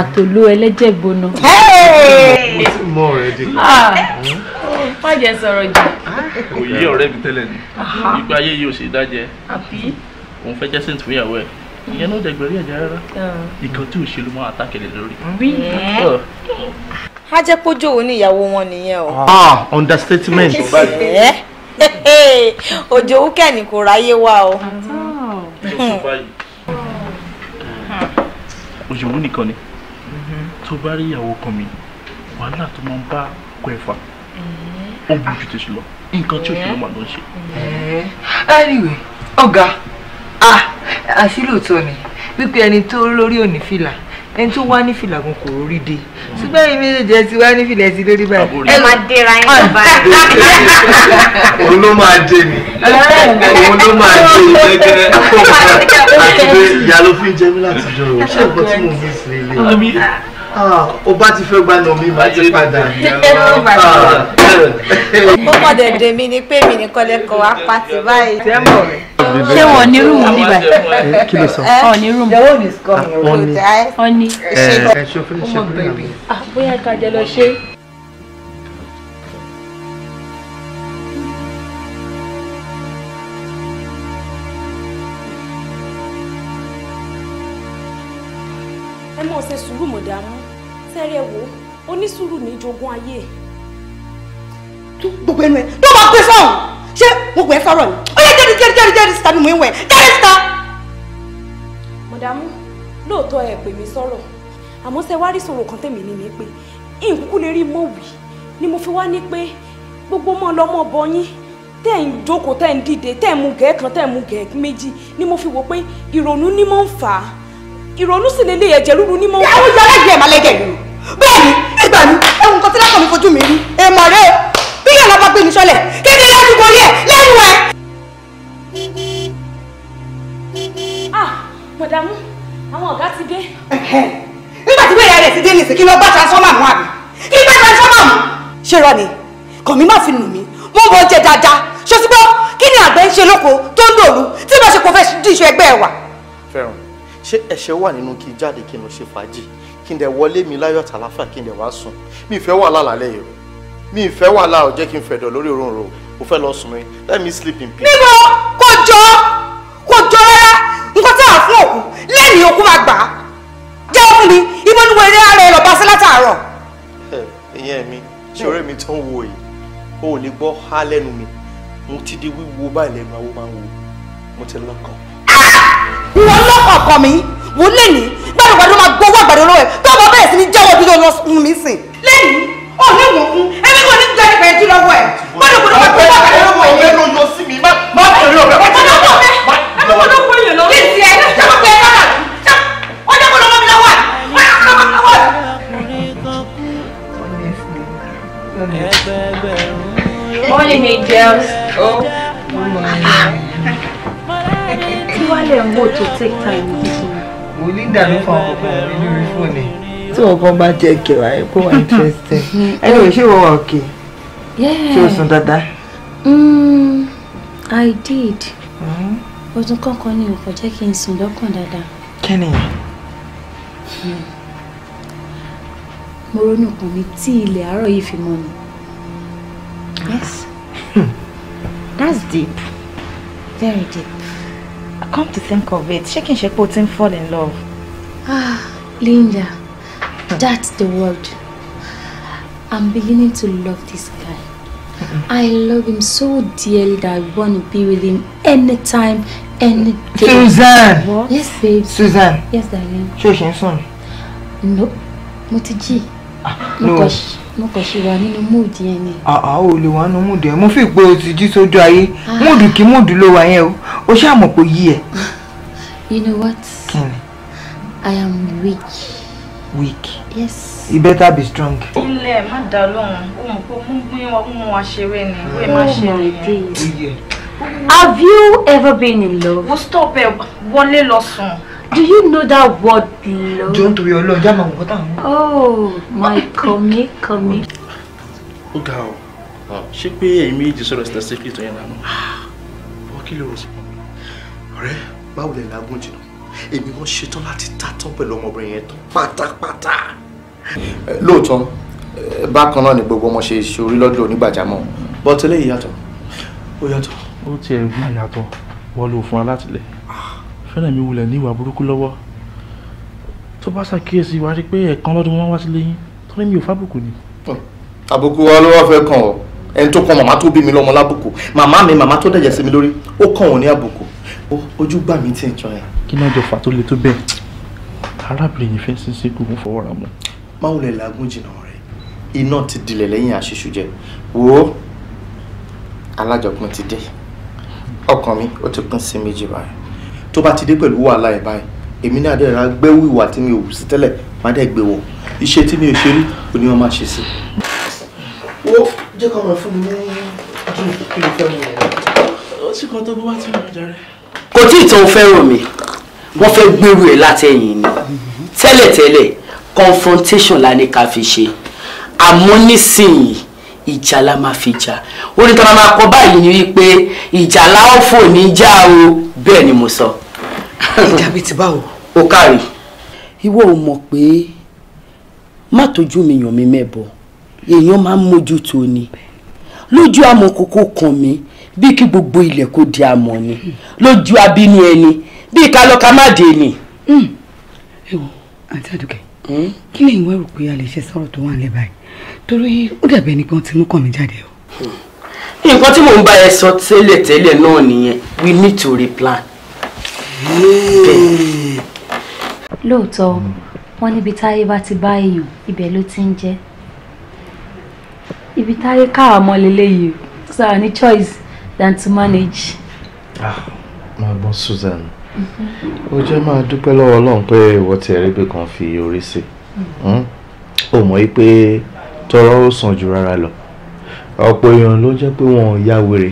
àtòlù ẹlẹ́jẹ̀ gbóná. mo ti mọ ọ̀rẹ́ dìgbà. Ah. Eh, má jẹ sọ̀rọ̀ jù. òye ọ̀rẹ́ mi tẹ́lẹ̀ ni ìgbà ayé yìí ò ṣe dájẹ́ òun fẹ́ jẹ́ sèǹtì fún ìyàwó ẹ̀ ìyẹn ló dẹgbẹ̀rí ẹ̀jẹ̀ rárá nǹkan tí ò ṣe ló máa àtàkẹ́lẹ̀ lórí. a jẹ́ pójó wo ní ìyàwó wọn nìyẹn o. ah, ah understatement. òjò wúkẹ́ ni kò ráyé wá o. òjò wú nìkan ni mhm. tó bá rí ìyàwó kan mi wàhálà tó máa ń bá ọkọ ẹ̀ ó burú ju tèṣù lọ nǹkan tí òṣèlú mà ló ṣe. anyway ọ̀gá àṣìlóòótọ́ ni wípé ẹni tó lórí òní fìlà ẹni tó wá ní fìlà gan kò rí de ṣùgbọ́n èmi méjèèjì ẹ ti wá ní fìlà ẹ ti lórí báyìí. ẹ máa dera yín lọ báyìí. òun ló máa dé mi òun ló máa dé mi gẹ́gẹ́ àti pé ìyá ló fi ń jẹ mí látijọ́ ṣé nǹkan tí mo fi sílẹ̀ ọba ah, ti fẹ́ gbaná mi má ti padà. ó mọ̀ dẹ̀dẹ̀ mi ni pé mi nìkan lẹ́kọ̀ọ́ wá pàtì báyìí. ṣé wọn ní rúùmù bí báyìí. Eh, kí ló sọ. Eh? ọ ní rúùmù. the home is coming. ọ ní. ọ ní. ẹ ṣe eh, fún mi ṣe fún mi. Ah, bóyá ká jẹ lọ ṣe. ẹ mọ̀ ṣe sùúrù mọ̀ sẹ́rẹ̀ wo onísùúrù ní jogún ayé. gbogbo ẹnu ẹ tó máa gbé sọ́hùn ṣé mo pè é sọ̀rọ̀ ni ó yẹ jẹ́rìí jẹ́rìí jẹ́rìí jẹ́rìí síta ni mò ń wẹ̀ jẹ́rìí síta. mọ̀dàmú lóòótọ́ ẹ pè mí sọ̀rọ̀ àmọ́ ṣe wá rí sọ̀rọ̀ kan tèmi ní mi pé ìkúkú lè rí mọ̀ wí ni mo fi wá ní pé gbogbo mọ́ lọ́mọ bọ yín tẹ́ ń jókòó tẹ́ ń dìde tẹ́ ń mu gẹ̀ẹ́ kan tẹ́ ń mu gẹ̀ẹ́ méjì ni mo fi wò pé ìrònú ni mo ń fà á ìrònú sì lè lè ẹ̀jẹ̀ rúru ní mọ́. àwọn ìyá ọlẹ́gbẹ̀ẹ́ máa lẹ́gẹ̀ẹ́ lù bẹ́ẹ̀ ìgbà mi ẹ̀wọ̀n kan tí lákàn mi fojú mi rí èèmọ̀ rẹ̀ bí yẹn lọ́ba gbé mi sọlẹ̀ kéde lẹ́nu borí ẹ̀ lẹ́nu ẹ̀. ah mọ̀dàmú àwọn ọ̀gá ti dé. nígbà tí bẹ́ẹ̀ rẹ̀ ti dé nìsín kí lọ bá transformer mú àbí kí bá transformer mú. ṣé rọ ni kàn mí má fi nù mí mo mọ jẹ dáadáa ṣọsibọ kí ni àgbẹ̀ ń ṣe lóko tó ń dòru tí mo ṣe kò fẹ́ díṣọ ẹgbẹ́ ẹ wà. fẹ́ràn ṣé ẹ̀ṣẹ̀ wà nínú kí n jáde kí n lọ ṣe fàájì kí n dẹ̀ wọlé mi láyọ̀ àtàláfà kí n dẹ̀ wá sùn mi ìfẹ́ wà lálàálẹ̀ yìí mi ìfẹ́ wà láà jẹ́ kí n fẹ̀dọ̀ lórí òróǹro mo fẹ́ lọ sùn mi let me sleep in peace. níbo kò jọ kò jọ rárá nǹkan tá a fún òkú lẹ́yìn òkú máa gbà á jẹ́ òkú mi ibo ni wọ́n eré ara ẹ̀ lọ́ba sí látàárọ̀. ẹ ìyẹn mi ṣé ọ̀rẹ́ mi tó ń wo yìí o ò ní gbọ́ há lẹ́nu mi mo ti di wíwo báyìí lẹ́nu àwọn máa ń wo mo ti lọ́kàn ìwọ lọ́kọ̀ọ̀kan mi wò lè ní gbàdúgbàdú máa gbowó àgbàdo lọ́wọ́ ẹ̀ tó bá bẹ̀rẹ̀ sí ní jẹ́wọ́ bí lọ́ọ́ fún mi sìn. lẹ́yìn ò ní wọ̀n fún ẹbí kò ní jẹ́ ìfẹ́ jù lọ́wọ́ ẹ̀ gbàdúgbàdú máa gbowó àgbàdo lọ́wọ́ ẹ̀. ọ̀rẹ́ ló yọ sí mi má má bẹ̀rẹ̀ ọ̀rẹ́ má bẹ̀rẹ̀ ọ̀rẹ́ má bẹ̀rẹ̀ ọ̀rẹ́ má bẹ̀rẹ̀ ọ̀rẹ́ má bẹ̀rẹ̀ ọ̀rẹ́ Morning angels. Oh, morning kí wá lẹ̀ ń wò tó take time tuntun. mo ní ìdààmú fún àwọn ọkọ mi lórí fóònù tí wọn kàn bá jẹ kẹwàá ẹ kó wà interesting ẹni ò ṣe wọ wà òkè ṣé o sùn dáadáa. Mm, I did mm-hmm. ọdún kankan ni kò jẹ́ kí n sùn lọ́kàn dáadáa. kẹ́ni. Hmm. mo ronú kàn mí tí ilẹ̀ àárọ̀ yìí fi mọ́ mi. yes that's deep very deep come to think of it ṣé kí n fall in love. ah Linda that's the word i'm beginning to love this guy mm -hmm. i love him so dearly that i want to be with him anytime any day. Susan What? yes babe Susan yes darling. ṣé o ṣe ń no mo ti Mm -hmm mo kàn ṣe wà nínú mood yẹn ni. àà ò lè wà nínú mood yẹn mo fi pé o jí sójú ayé ah. mood kí mood ló wà yẹn o o ṣáà mọ̀ pé yí ẹ. you know what. i am weak. weak. yes. you better be strong. ilé má dá lóhùn ó mọ̀ pé mú gbé wọn mú wọn ṣeré ni wọ́n máa ṣeré yẹn. have you ever been in love. mo stop ẹ wọlé lọ sùn. Do you know that word love? Jọ̀ọ́ nítorí Ọlọ́run, já máa wò kọ́tà àwọn. Oh, my just kọ̀mí. that ga o, ṣé pé ẹ̀yin méjì sọ̀rọ̀ síta sí ètò yẹn lánàá? Wọ́n kí ló rò sí? Ọ̀rẹ́, báwo lẹ̀ lágùn jìnnà? Èmi wọ́n ṣetán láti tátán pẹ̀lú ọmọbìnrin yẹn tán pátápátá. Lóòótọ́, bákan náà ni gbogbo ọmọ ṣe ṣorí lọ́dọ̀ onígbàjámọ̀. Bọ́tẹ́lẹ̀ yìí yàtọ̀. Ó yàtọ̀. Ó tiẹ̀ máa yàtọ̀. Wọ́n lo fún alátìlẹ́yìn. Fẹ́rẹ̀mí wulẹ̀ ní ìwà burúkú lọ́wọ́ tó bá ṣàkíyèsí wa rí pé ẹ̀ẹ̀kan lọ́dún wọn wá sílé yín torí mi ò fábùkù ni. àbùkù wa ló wá fẹ́ kàn ọ́ ẹni tó kan màmá tó bí mi lọ́mọ lábùkù màmá mi màmá tó dẹ̀jẹ̀ sí mi lórí ó kàn ọ́ ní àbùkù ojú gbà mí tí ń jọ yẹn. kí náà jọ fà tó le tó bẹ́ẹ̀ arábìnrin yìí fẹ́ sísí kù ń fọwọ́ra mọ́. máwo làágùn jìnnà rẹ iná ti dilẹ̀ lẹ́yìn àṣìṣù jẹ wo alájọpin ti dé ọkàn mi ó ti pín sí méjì báyìí tó bá ti dé pẹ̀lú wàhálà ẹ̀ báyìí èmi náà dẹ̀ ra gbẹ́wò ìwà tí mi ò sí tẹ́lẹ̀ má dẹ̀ gbé wọ̀ iṣẹ́ tí mi ò ṣe rí ò ní wọ́n máa ṣe sí. wo jẹ́ kọ́ ọmọ fún mi ní kí n fẹ́ mi ó sì kọ́ tó bó wá tí mo jàre. kò tí ì tán fẹ́ràn mi wọ́n fẹ́ gbèrú ẹ̀ látẹ̀yìn ni tẹ́lẹ̀tẹ́lẹ̀ confrontation la ní ká fi ṣe àmọ́ nísìnyìí ìjà la máa fi jà ó ní ká máa kọ báyìí ni wípé ìjà láwọn fò ní já o bẹ́ẹ̀ ni mo sọ. So ìdàbí ti báwo. o kárí. ìwọ ò mọ̀ pé má tójú mi yàn mí mẹ́bọ èèyàn máa ń mójútó ni lójú àmọ́ kókó kan mi bí kí gbogbo ilẹ̀ kó di àmọ́ ni lójú abínú ẹni bí ìkálọ́ka má dé ni. Hmm. ẹ wo àǹtí hmm? kí lẹ́yìn wá rò pé a lè ṣe sọ̀rọ̀ tó wà ń lẹ́ báyìí torí ó dàbí ẹni kan tí mú kàn mí jáde o. Hmm. nǹkan tí mò ń bá ẹ sọ tẹ́lẹ̀tẹ́lẹ̀ náà nìyẹn we need to replan lóòótọ́ mm. wọ́n níbi táyé bá ti bá èèyàn ibẹ̀ ló ti ń jẹ́ ibi táyé káà leléyìí so i need choice than to manage. ah máa gbọ́ Susan mm-hmm. ó jẹ́ máa dúpẹ́ lọ́wọ́ Ọlọ́run pé ìwọ ti ẹ̀rí pé kan fi orí sí mm. hmm? ó mọ̀ yí pé tọrọ ó sàn jù rárá lọ ọ̀pọ̀ èèyàn ló jẹ́ pé wọ́n ya wèrè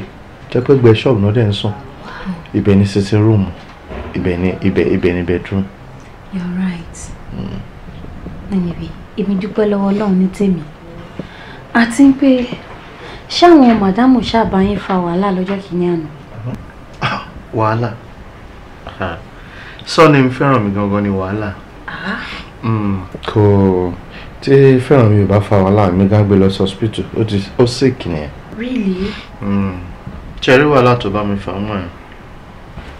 jẹ́ pé gbẹ ṣọ́ọ̀bù náà dẹ̀ ń sùn ibẹ̀ ni sisi rúùmù ibẹ̀ ni ibẹ̀ ibẹ̀ ni bedroom. you're right. ẹnìbí hmm. èmi dúpẹ́ lọ́wọ́ ọlọ́run ní tèmi àti pé ṣáwọn màdámù ṣàbáyé fa wàhálà lọ́jọ́ kìíní àná. Ah, wàhálà sọ́ni fẹ́ràn mi gangan ni wàhálà ah. hmm. kò tí fẹ́ràn mi ò bá fa wàhálà mi gán gbé lọ sí hospital ó sick nìyẹn. really. Hmm. ṣẹ̀rí wàhálà tó bá mi fà mọ́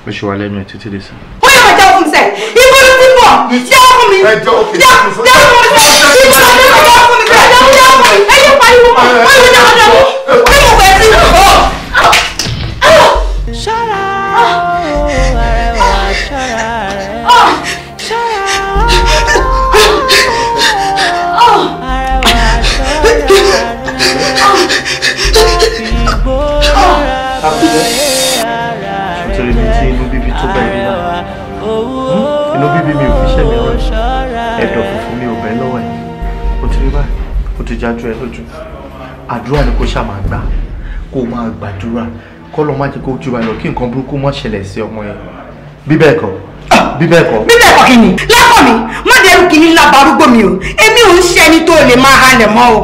ó ṣe wà lẹ́nu ẹ̀ títí dé sí. ó yẹ ọjà òkun sẹ ibo ló ti bọ yẹ ọkùn mi yẹ ọkùn mi sẹ ibo ló ti bọ yẹ ọkùn mi sẹ yẹ ọkùn mi ẹ yẹ pariwo mọ ó yẹ ọjà ọjà mi ó yẹ ọgbẹ sí ọ tó bẹ́ẹ̀ lọ inú bíbí mi ò fi ṣẹ́ mi rọ ẹ̀dọ̀ funfun mi ò bẹ́ẹ̀ lọ́wọ́ ẹ̀ o ti rí báyìí o ti jájú ẹ lójú àdúrà ni kó ṣáà máa gbà kó máa gbàdúrà kọ́ lọ́ máa jẹ́ kó jù báyìí lọ kí nǹkan burúkú má ṣẹlẹ̀ sí ọmọ yẹn bí bẹ́ẹ̀ kọ́ bí bẹ́ẹ̀ kọ́. bí bẹ́ẹ̀ kọ́ kí ni lápò mi má dẹrù kí ni lábarúgbó mi o èmi ò ń ṣe ẹni tó lè máa halẹ̀ mọ́ o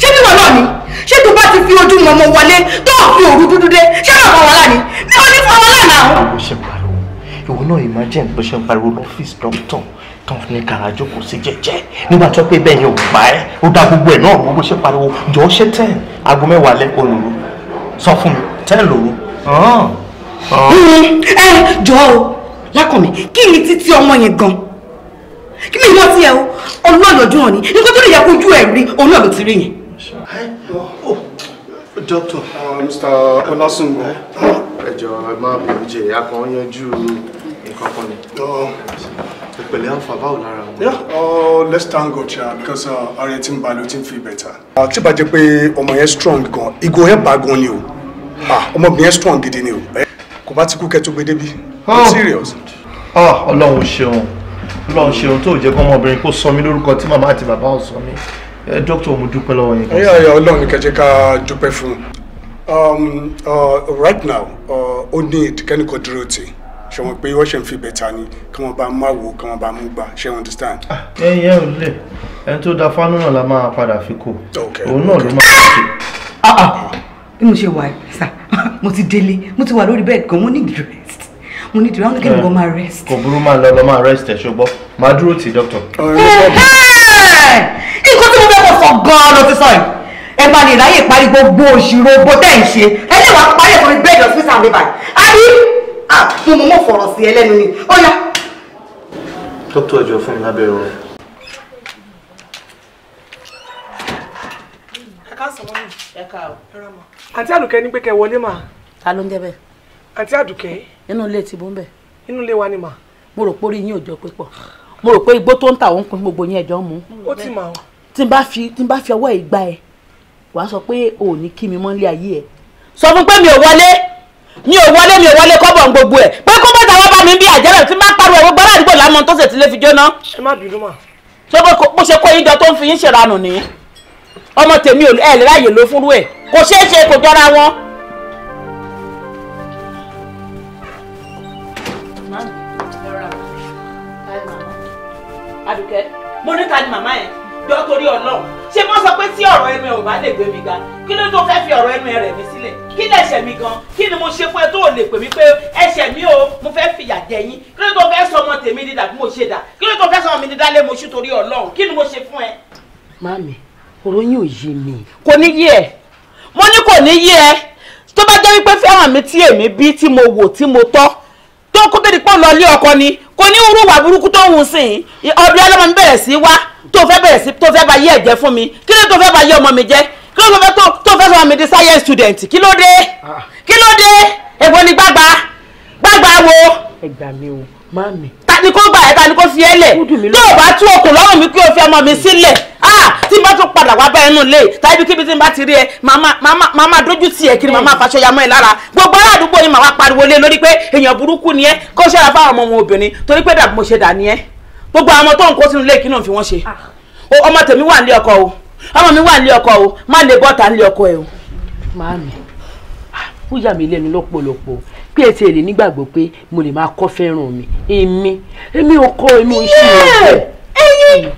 ṣé bí wọn náà ni ṣé tó bá ti fi ojú mọ́mọ́ wọlé tó fi òru dúdú dé ṣé bàbá wọn lá ni mi ò ní fọwọ́ lánàá ìwọ náà imagine bó ṣe ń pariwo lọ́fíìsì dókítà tán ní kàrà jókòó sí jẹ́jẹ́ nígbà tó pé bẹ́ẹ̀ yẹn ò gbà ẹ́ ó dá gbogbo ẹ̀ náà rú bó ṣe pariwo jọ ṣe tẹ́ aago mẹ́wàá lẹ́ olùrú sọ fún mi tẹ́ lòrú. ẹ jọ o lákànmí kí ni títí ọmọ yẹn gan kí ni ìmọ̀ tiẹ̀ o ọlọ́ọ̀lọ́ ọdún ọ̀ni nígbà tó lè yẹ kojú ẹ̀ rí òun náà ló ti rí yẹn. dókítà Mr. Olasungo ẹ jọ̀ọ́ ẹ má bẹ̀rù jẹ akọ̀ọ́yanjú nǹkan uh, uh, let's thank God because uh, ààrẹ ti ń balẹ̀ ó ti ń fi better. tí bá jẹ́ pé ọmọ yẹn strong gan igo ẹ̀ bá gan ni o ah, ọmọbìnrin yẹn strong gidi ni o eh, kò bá ti kú kẹ́tó gbé débi. Ah. serious. Ah, ọlọ́run ṣeun ọlọ́run ṣeun tó jẹ́ kó ọmọbìnrin kó sọ mí lórúkọ tí màmá àti bàbá ò sọ mí eh, dókítà mo dúpẹ́ lọ́wọ́ yín. ẹyà ẹyà ọlọ́run ní kẹjẹ ká dúpẹ́ Um, uh, right now ó ní ìdíkẹ́nìkan dúró tì í ṣe wọn pé wọ́n ṣe ń fi bẹ̀tà ni kí wọ́n bá mú àwò kí wọ́n bá mú gbà ṣe wọn understand. Ah, ẹyẹ ò lè ẹni tó da fánú náà la máa padà fi kó òun náà ló máa ṣe. Ah, ah. bí mo ṣe wà sá mo ti délé mo ti wà lórí bẹ́ẹ̀ gan mo need rest mo need rest kí ni mo máa rest. kò burú máa lọ lọ máa rest ẹ ṣùgbọ́n máa dúró tì dókítà. nǹkan tí mo fẹ́ kó sọ gan-an ló ti sọ yìí ẹ máa lè ráyè parí gbogbo òṣìrò bó tẹ̀ ń ṣe ẹ lè wá parí ẹ̀ sórí ah mo mọ̀ mọ̀ fọ̀rọ̀ sí ẹlẹ́nu ni ó yá. dókítà ọjọ́ fún mi lábẹ́ ọ̀rọ̀. àǹtí àdùkẹ́ ní pé kẹ́ wọlé mà. ta ló ń jẹ́ bẹ́ẹ̀. àǹtí àdùkẹ́. nínú ilé ti bó ń bẹ̀. nínú ilé wa ni mà. mo rò pé orí yín ò jọ pé pọ̀ mo rò pé igbó tó ń tà ó ń pin gbogbo yín ẹ̀jọ̀ mú. ó ti mà ó. tí n bá fi tí n bá fi ọwọ́ ẹ̀ gbá ẹ wàá sọ pé o ò ní kí mi mọ́ nílé ayé ẹ sọ fún pé mi ò wọlé mi ò wọlé mi ò wọlé kọ́bọ̀ ń gbogbo ẹ̀ pé kó bọ́ta wá bá mi bí àjẹrẹ̀ tí má pariwo gbogbo aládùúgbò lámọ tó sì ti lè fi jóná. ẹ má bínú mà. ṣé bó ṣe kó yíjọ tó ń fi yín ṣèranù ni ọmọ tèmi ò ẹ lè ló fúnrú ẹ kò ṣeé ṣe kò jọra wọn. mo ní ta ni màmá yẹn jọ torí ọlọ́run ṣé wọ́n sọ pé tí ọ̀rọ̀ ẹnu ẹ̀ ò bá lè gbé mi ga kí ló tó fẹ́ fi ọ̀rọ̀ ẹnu ẹ̀ rẹ̀ mí sílẹ̀ kí lè ṣẹ̀ mi gan kí ni mo ṣe fún ẹ tó lè pè mí pé ẹ̀ṣẹ̀ mi o mo fẹ́ fìyà jẹ yín kí ló tó fẹ́ sọ ọmọ tèmi dídà bí mo ṣe dà kí ló tó fẹ́ sọ ọmọ mi dídá lé mo ṣú torí ọlọ́run kí ni mo ṣe fún ẹ. mami ọ̀rọ̀ yín ò yé mi. kò ní yé ẹ mo ní kò ní yé ẹ tó bá jẹ́ wípé fẹ́ràn mi tí èmi bí tí mo wò tí mo tọ́ tó kó bẹ́ẹ̀ ni pọ́n lọ ni kò ní irú ìwà burúkú tó ń hù sí i ọdún ọlọ́mọ mi bẹ̀rẹ̀ sí wá tó fẹ́ bẹ̀rẹ̀ sí tó fẹ́ ba yé ẹ̀jẹ̀ fún mi kí ló tó fẹ́ ba yé ọmọ mi jẹ́ kí ló fẹ́ tó fẹ́ sọ mi di science student kí ló dé ah. kí ló dé èwo ni gbàgbà gbàgbà wo. ẹ gbà mí o máa mi. ta ni kó gbà ẹ ta ni kó fi ẹ lẹ tó o bá tú okùn lọ́rùn mi kí o fi ọmọ mi sílẹ̀ tí n bá tún padà wá bá ẹnu lé tàbí kíbi tí n bá ti rí ẹ màá máa dójú tì ẹ kiri màá máa faṣọ yamọ́ ẹ lára gbogbo ará àdúgbò yìí màá wá pariwo lé e lórí pé èèyàn burúkú ni ẹ kó ṣẹ́ra fáwọn ọmọ wọn obìnrin torí pé dàbí mo ṣe dà ni ẹ gbogbo àwọn ọmọ tó ń kó sínú ilé ìkíni òfin wọn ṣe ah. ọmọ tèmi wà nílé ọkọ o ọmọ mi wà nílé ọkọ o má lè bọ́ta nílé ọkọ ẹ o. màámi ah, ó yà mí lẹ́nu lọ́pọ̀lọpọ̀ pé ẹ ti lè nígbàgbọ́ pé mo lè máa kọ́ fẹ́ràn mi èmi èmi ò kọ́ èmi ò ṣe ìrọ̀lẹ́. ẹyin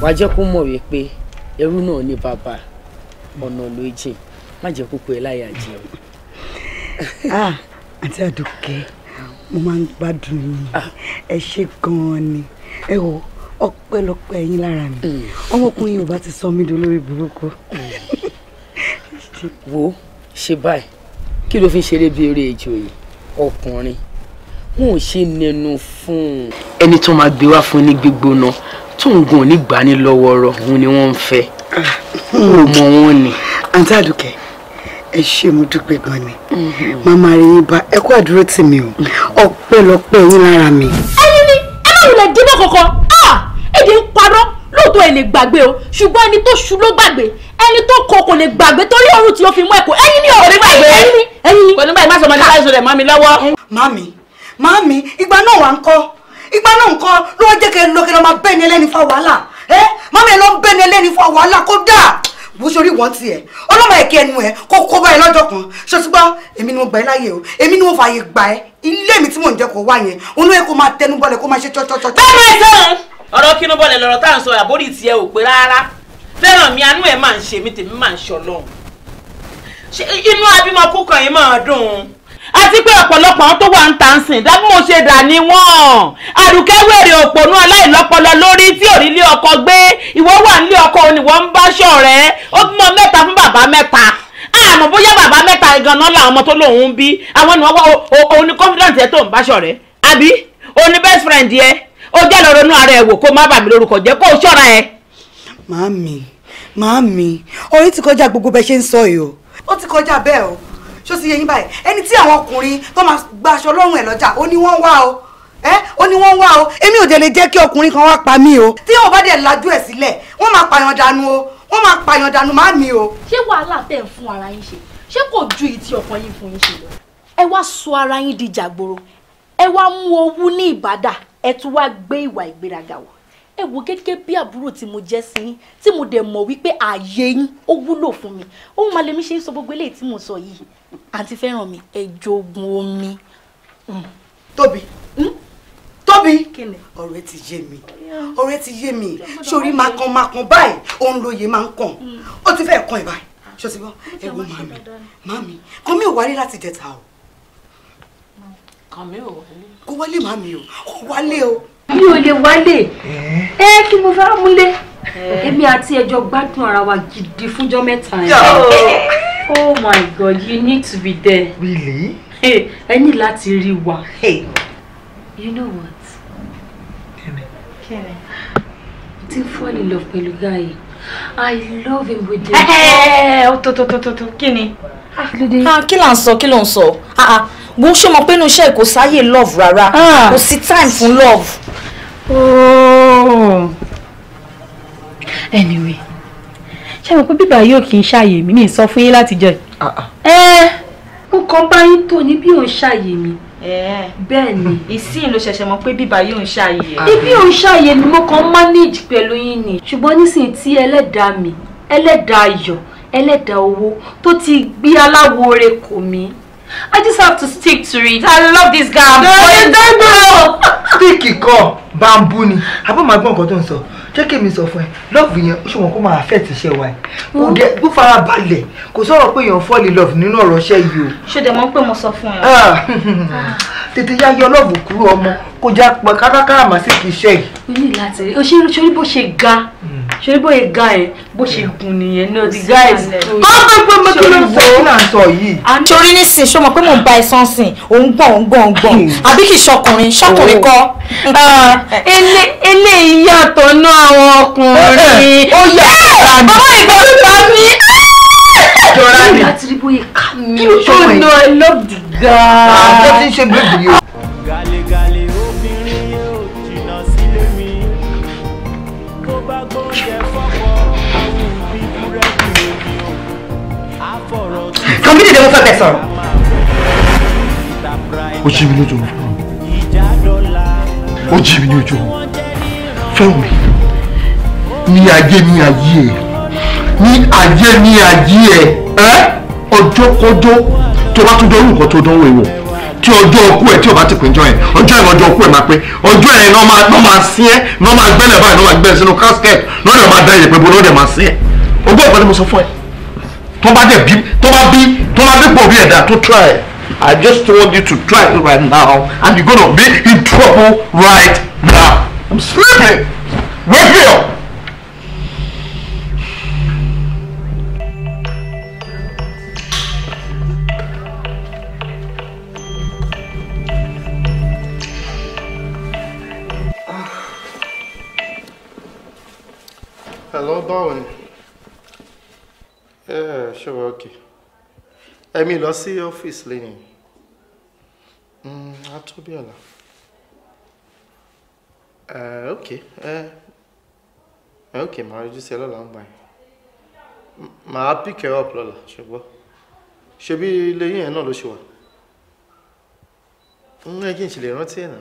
wàá jẹ́ kó mọ̀ wípé ẹrú náà ní bàbá ọ̀nà ló jìn má jẹ́ kókó ẹ láyà jẹ́ o. Ah, àǹtí àdùkẹ́ mo máa ń gbádùn yín ah. ẹ ṣe gan-an ni ẹ wò ọpẹ́lọpẹ́ ẹ̀yin lára mi mm. ọmọkùnrin yorùbá ti sọ mí dolórí burúkú. Mm. wo ṣe báyìí kí ló fi ṣeré bí eré ìjò yìí ọkùnrin wọn ò ṣe nẹnu fún un. ẹni tó máa gbé wá fún ní gbígbóná tóògùn onígbani lọ́wọ́rọ́ òun ni wọ́n ń fẹ́ ó hmm. mọ wọn ni. àǹtí àdùkẹ́ ẹ ṣé mo dúpẹ́ gan ni hmm. màmá rẹ yín bá ẹ kó àdúró tì mí o hmm. ọpẹ́lọpẹ́ yín lára mi. ẹyin ni ẹ má wulẹ̀ dínà kankan ah! èdè ń parọ́ lóòótọ́ ẹ lè gbàgbé o ṣùgbọ́n ẹni tó ṣu ló gbàgbé ẹni tó kọ kò lè gbàgbé torí òórùn tí ó fi mú ẹ̀kọ́ ẹyin ni ọ̀rẹ́ gbàgbé ẹyin ni ẹyin ni. kò ní báyìí má sọ ma ní báyìí sọ rẹ̀ mọ́ mi lọ́wọ́. mami mami ìgbà náà wà ń kọ́ ìgbà náà nǹkan ló wá jẹ́ kẹ́ lọ kẹ́ lọ máa bẹ́ni ẹlẹ́ni fa wàhálà ẹ́ mọ́mí ẹ lọ ń bẹ́ni ẹlẹ́ni fa wàhálà kódà bó sori wọ́n tiẹ̀ ọlọ́mọ ẹ̀kẹ́ ẹnu ẹ̀ kó kó báyìí lọ́jọ́ kan ṣọṣùgbọ́n èmi ni mo gbà ẹ́ láyè o èmi ni mo fààyè gbà ẹ́ ilé mi tí mò ń jẹ́ kó wá yẹn onú ẹ̀ kó máa tẹnu bọ́lẹ̀ kó máa ṣe tọ́tọ́tọ́. bẹ́ẹ̀ máa dán ọ̀rọ̀ kínú bọ́lẹ̀ lọ́rọ̀ tá à ń sọ àbórí tiẹ̀ ò pé rárá fẹ́ràn mi àánú ẹ̀ máa ń ṣe mí tèmi máa ń ṣọlọ́run inú abímọ kúkan yìí máa dùn àti pé ọ̀pọ̀lọpọ̀ àwọn tó wà ń ta ń sìn dábí mo ṣe dà ní wọn àdùkẹ́ wèrè òpònú aláìlọ́pọlọ lórí tí ò rí ilé ọkọ gbé ìwọ wà nílé ọkọ oníwọ ń bá ṣọ̀rẹ́ ó bímọ mẹ́ta fún bàbá mẹ́ta àmọ́ bóyá bàbá mẹ́ta ganan làwọn ọmọ tó lòun ń bí àwọn ni wọ́n wá òun ni confidant yẹn tó ń bá ṣọ̀rẹ́ àbí òun ni best friend yẹn ó jẹ́ lọ ronú ara ẹ̀ wò kó má bà mí lórúkọ jẹ́ kó o ṣọ́ra ẹ̀. màámi màámi orí ti kọjá gbogbo bẹ ṣe ń sọ yìí o ó ti kọjá bẹ́ẹ̀ o ṣó ti yẹ yín báyìí ẹni tí àwọn ọkùnrin tó máa gba aṣọ lọ́rùn ẹ̀ lọ́jà ó ní wọ́n wá o ẹ ó ní wọ́n wá o èmi ò dé lè jẹ́ kí ọkùnrin kan wá pa mí o tí wọn bá dẹ̀ lajú ẹ̀ sílẹ̀ wọ́n máa pààyàn dànù o wọ́n máa pààyàn dànù má mi o. ṣé wàhálà tẹ̀ ń fún ara yín ṣe ṣé kò ju ìtì ọ̀kan yín fún yín ṣe lọ. ẹ wá sọ ara yín di jàgboro ẹ wá mú owú ní ìbàdà ẹ tún wá gbé ìwà ìgbéraga wọ̀ ẹ wo gẹ́gẹ́ bí àbúrò tí mo jẹ́ sí yín tí mo dẹ̀ mọ̀ wípé ààyè yín ó wúlò fún mi òun máa lèmi ṣe ń sọ gbogbo eléyìí tí mo sọ yìí àǹtí fẹ́ràn mi ẹ jogun omi. Hmm. tóbi hmm? tóbi ọ̀rọ̀ ẹ ti yé mi ọ̀rọ̀ ẹ ti yé mi sórí makanmakan báyìí òun lóye máa ń kàn hmm. ó ti fẹ́ẹ̀ kàn ẹ̀ báyìí ṣọtí ẹ wo màmí màmí kan mi ò wálé láti jẹta o. kàn mí ò wálé. kó wálé màmí o kó wálé o mi ò lè wálé ẹ eh? eh, kí mo fẹ́ múlé eh. èmi àti ẹjọ́ gbádùn ara wa gidi fúnjọ́ mẹ́ta yẹn oh my god you need to be there really ẹ ní láti rí wa you know what kẹrẹ ti fall in love pẹ̀lú guy i love him with the. ẹ ẹ ọ tó tó tó tó kí ni. Ah, ah, kí là ń sọ kí ló ń sọ ah, ah. bó ṣe mọ̀ pé inú iṣẹ́ kò sáyè love rárá kò sí time fún love. Oh. anyway ṣé mo pé bíbá yóò kì í ṣàyè mi mi sọ fún yín láti jẹ. ẹ mo kàn bá yín tó ní bí òun ṣàyè mi bẹ́ẹ̀ ni ìsìn ló ṣẹ̀ṣẹ̀ mọ̀ pé bíbá yóò ń ṣàyè. ibi òun ṣàyè ni mo kàn manage pẹ̀lú yín ni ṣùgbọ́n nísìnyí tí ẹlẹ́dàá mi ẹlẹ́dàá ayọ̀ ẹlẹ́dàá owó tó ti gbé aláwo ore kò mí I just have to stick to it. I love this guy. I'm going to go. Stick kọ bambú ni. Àbọ̀ máa gbọ́ nǹkan tó ń sọ. Jẹ́ kí èmi sọ fún ẹ. Lọ́ọ̀fù yẹn, ó ṣe wọn kó máa fẹ́ ti ṣe wa ẹ̀. Kò hmm? dẹ̀ kó fara balẹ̀. Kò sọ̀rọ̀ pé èèyàn fall in love nínú ọ̀rọ̀ iṣẹ́ yìí o. Ṣé dẹ̀ mọ̀ pé mo sọ fún ẹ? Ah, tètè yá yọ lọ́ọ̀fù kúrò ọmọ. Kò já pa kárakára màsíkì iṣẹ́ yìí. O ní láti rí. O ṣe é ṣorí bó ṣe ga. Hmm ṣe bó ye ga yẹn bó ṣe gùn nìyẹn náà the guy is good. kọ́ pé pé mo kí ló ń sọ kí là ń sọ yìí. torí nísìn ṣé o mọ̀ pé mò ń ba ẹ̀sán sìn òun gbọ̀n òun gbọ̀n gbọ̀n hmm. àbí kì í ṣọkùnrin ṣọkùnrin oh. kọ́. Ah, eléyìí yàtọ̀ náà àwọn ọkùnrin. Eh, ó yà eh, á eh, bá mi. bàbá ìgbà bá mi. jọra mi. kí ló ṣe wọ̀nyí. I love the guy. àbọ̀ ah, tí ń ṣe bébì yìí. nǹkan bí dèdè mo fẹ́ bẹ̀ sọ̀rọ̀. ó jí mi lójú oorun ó jí mi ní ojú oorun fẹ́ràn mi ní ayé ní ayé ẹ ní ayé ní ayé ẹ ẹ ọjọ́ kọjọ́ tó bá tún jọ orúkọ tó dánwò ìwọ̀ tí ọjọ́ ọkú ẹ̀ tí o bá ti pín jọ yẹn ọjọ́ yẹn ọjọ́ ọkú ẹ̀ máa pé ọjọ́ yẹn náà máa náà máa sí ẹ́ náà máa gbẹ́lẹ̀ báyìí náà máa gbẹ́lẹ̀ sínú casket náà lè máa dá iyẹ̀pẹ̀ bó náà lè máa sí ẹ ọgbọ́n ìpàdé mo sọ fún ẹ tó bá dẹ̀ bí tó bá bí tó bá dípò bí ẹ̀dá tó try i just want you to try right now and you gonna be in trouble right now i'm sleeping wake me up. Hello, Bowen ẹ ṣe wọ ọkẹ ẹ̀mí lọ sí ọ́fíìsì lẹ́yìn atúbíọ̀lá ok ok màá yọjú sí ẹ lọ́la ń gbà yẹn màá pick ẹ up lọ́la ṣùgbọ́n ṣebí lẹ́yìn ẹ̀ náà ló ṣe wà ẹ kí n ṣe lè rántí ẹ̀ náà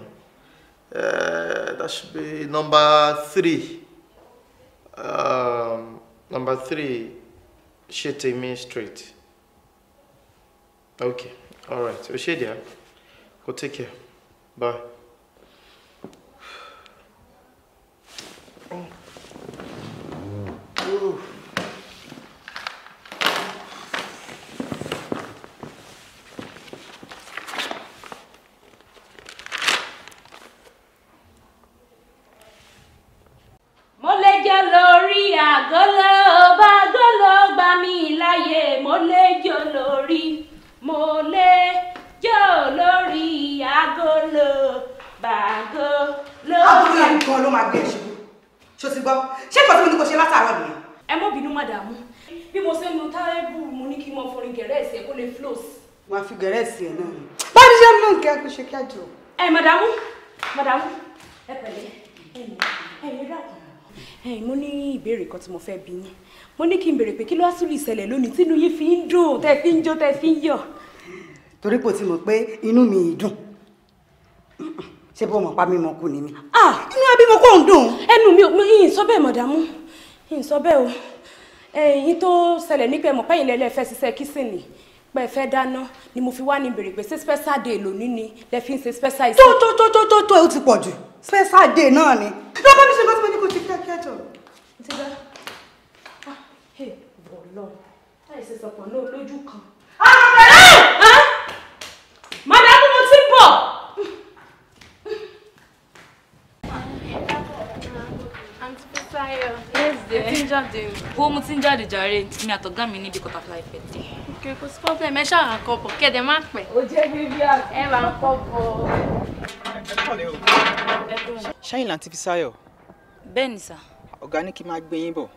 that should be number three um, number three. ṣe me straight okay all right o ṣe díẹ̀ go take care bye. madamu madamu ẹ pẹ̀lẹ́ ẹ̀yin dàgbà. ẹ̀yin mo ní ìbéèrè kan tí mo fẹ́ bi yín mo ní kí n béèrè pé kí ló wá sílùú ìṣẹ̀lẹ̀ lónìí tínú yín fi ń dùn tẹ́ fi ń jó tẹ́ fi ń yọ̀. torí kò ti mọ̀ pé inú mi ì dùn ṣé bó mọ̀ pa mi mọ̀ kú ni mi. inú ẹbí mo kò ń dùn. ẹnu mi ò yín sọ bẹ́ẹ̀ mọ̀dàmú yín sọ bẹ́ẹ̀ o ẹ̀yin tó ṣẹlẹ̀ nípa ẹ̀mọ̀ pẹ́yìn lẹ́lẹ́ fẹ́ ṣiṣẹ́ kìsìn ni pé ẹ fẹ́ dáná ni mo fi wá ní bèrè pé ṣé special day lónìí ni lẹ fi ń ṣe special iṣẹ́. tó tó tó tó tó tó ó ti pọ̀ jù special day náà ni. lọ́pọ̀ mi ṣe lọ́sí pé ní kò ti kí ẹ̀kẹ́ jọ. ti dá bọ̀ lọ láì ṣe sọ̀pọ̀ náà lójú kan. Ah, ah! màdàmú mo ti bọ̀. àǹtí Bísáyọ̀ yes dear. mo ti ń jáde jàre mi àtọ̀gá mi ok kò sí problem ẹ ṣáà kọ bọ̀ kẹ́dẹ̀ má pẹ́. o jẹ́ bíbí àti. ẹ máa kọ bọ̀. ṣẹ́yìn láti fi sáyọ̀. bẹ́ẹ̀ ni sà. ọ̀gá ní kí n máa gbé yín bọ̀.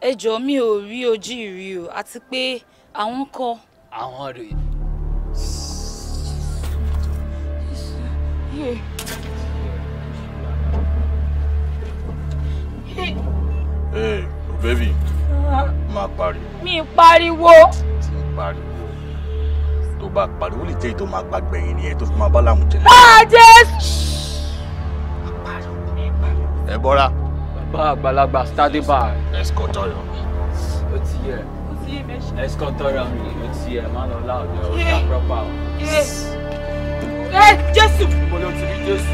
ẹ jọ̀ọ́ mi ò rí ojú ìrì o àti pé àwọn kọ. àwọn rèé. Hey, oh baby má pariwo. mi pariwo. ti pariwo tó bá pariwo lè jẹ́ èyí tó máa gbàgbẹ́ yìí nìyẹn tó fi máa bá láàmú jẹ. wá jésù. ẹ bọ́ra. bàbá àgbàlagbà stade bar. escort ọyọ. ó ti yẹ escort ọyọ mi ó ti yẹ má lọ láàbẹ̀ ọ̀dà proper. ẹ jésù. mo lọ ti rí jésù.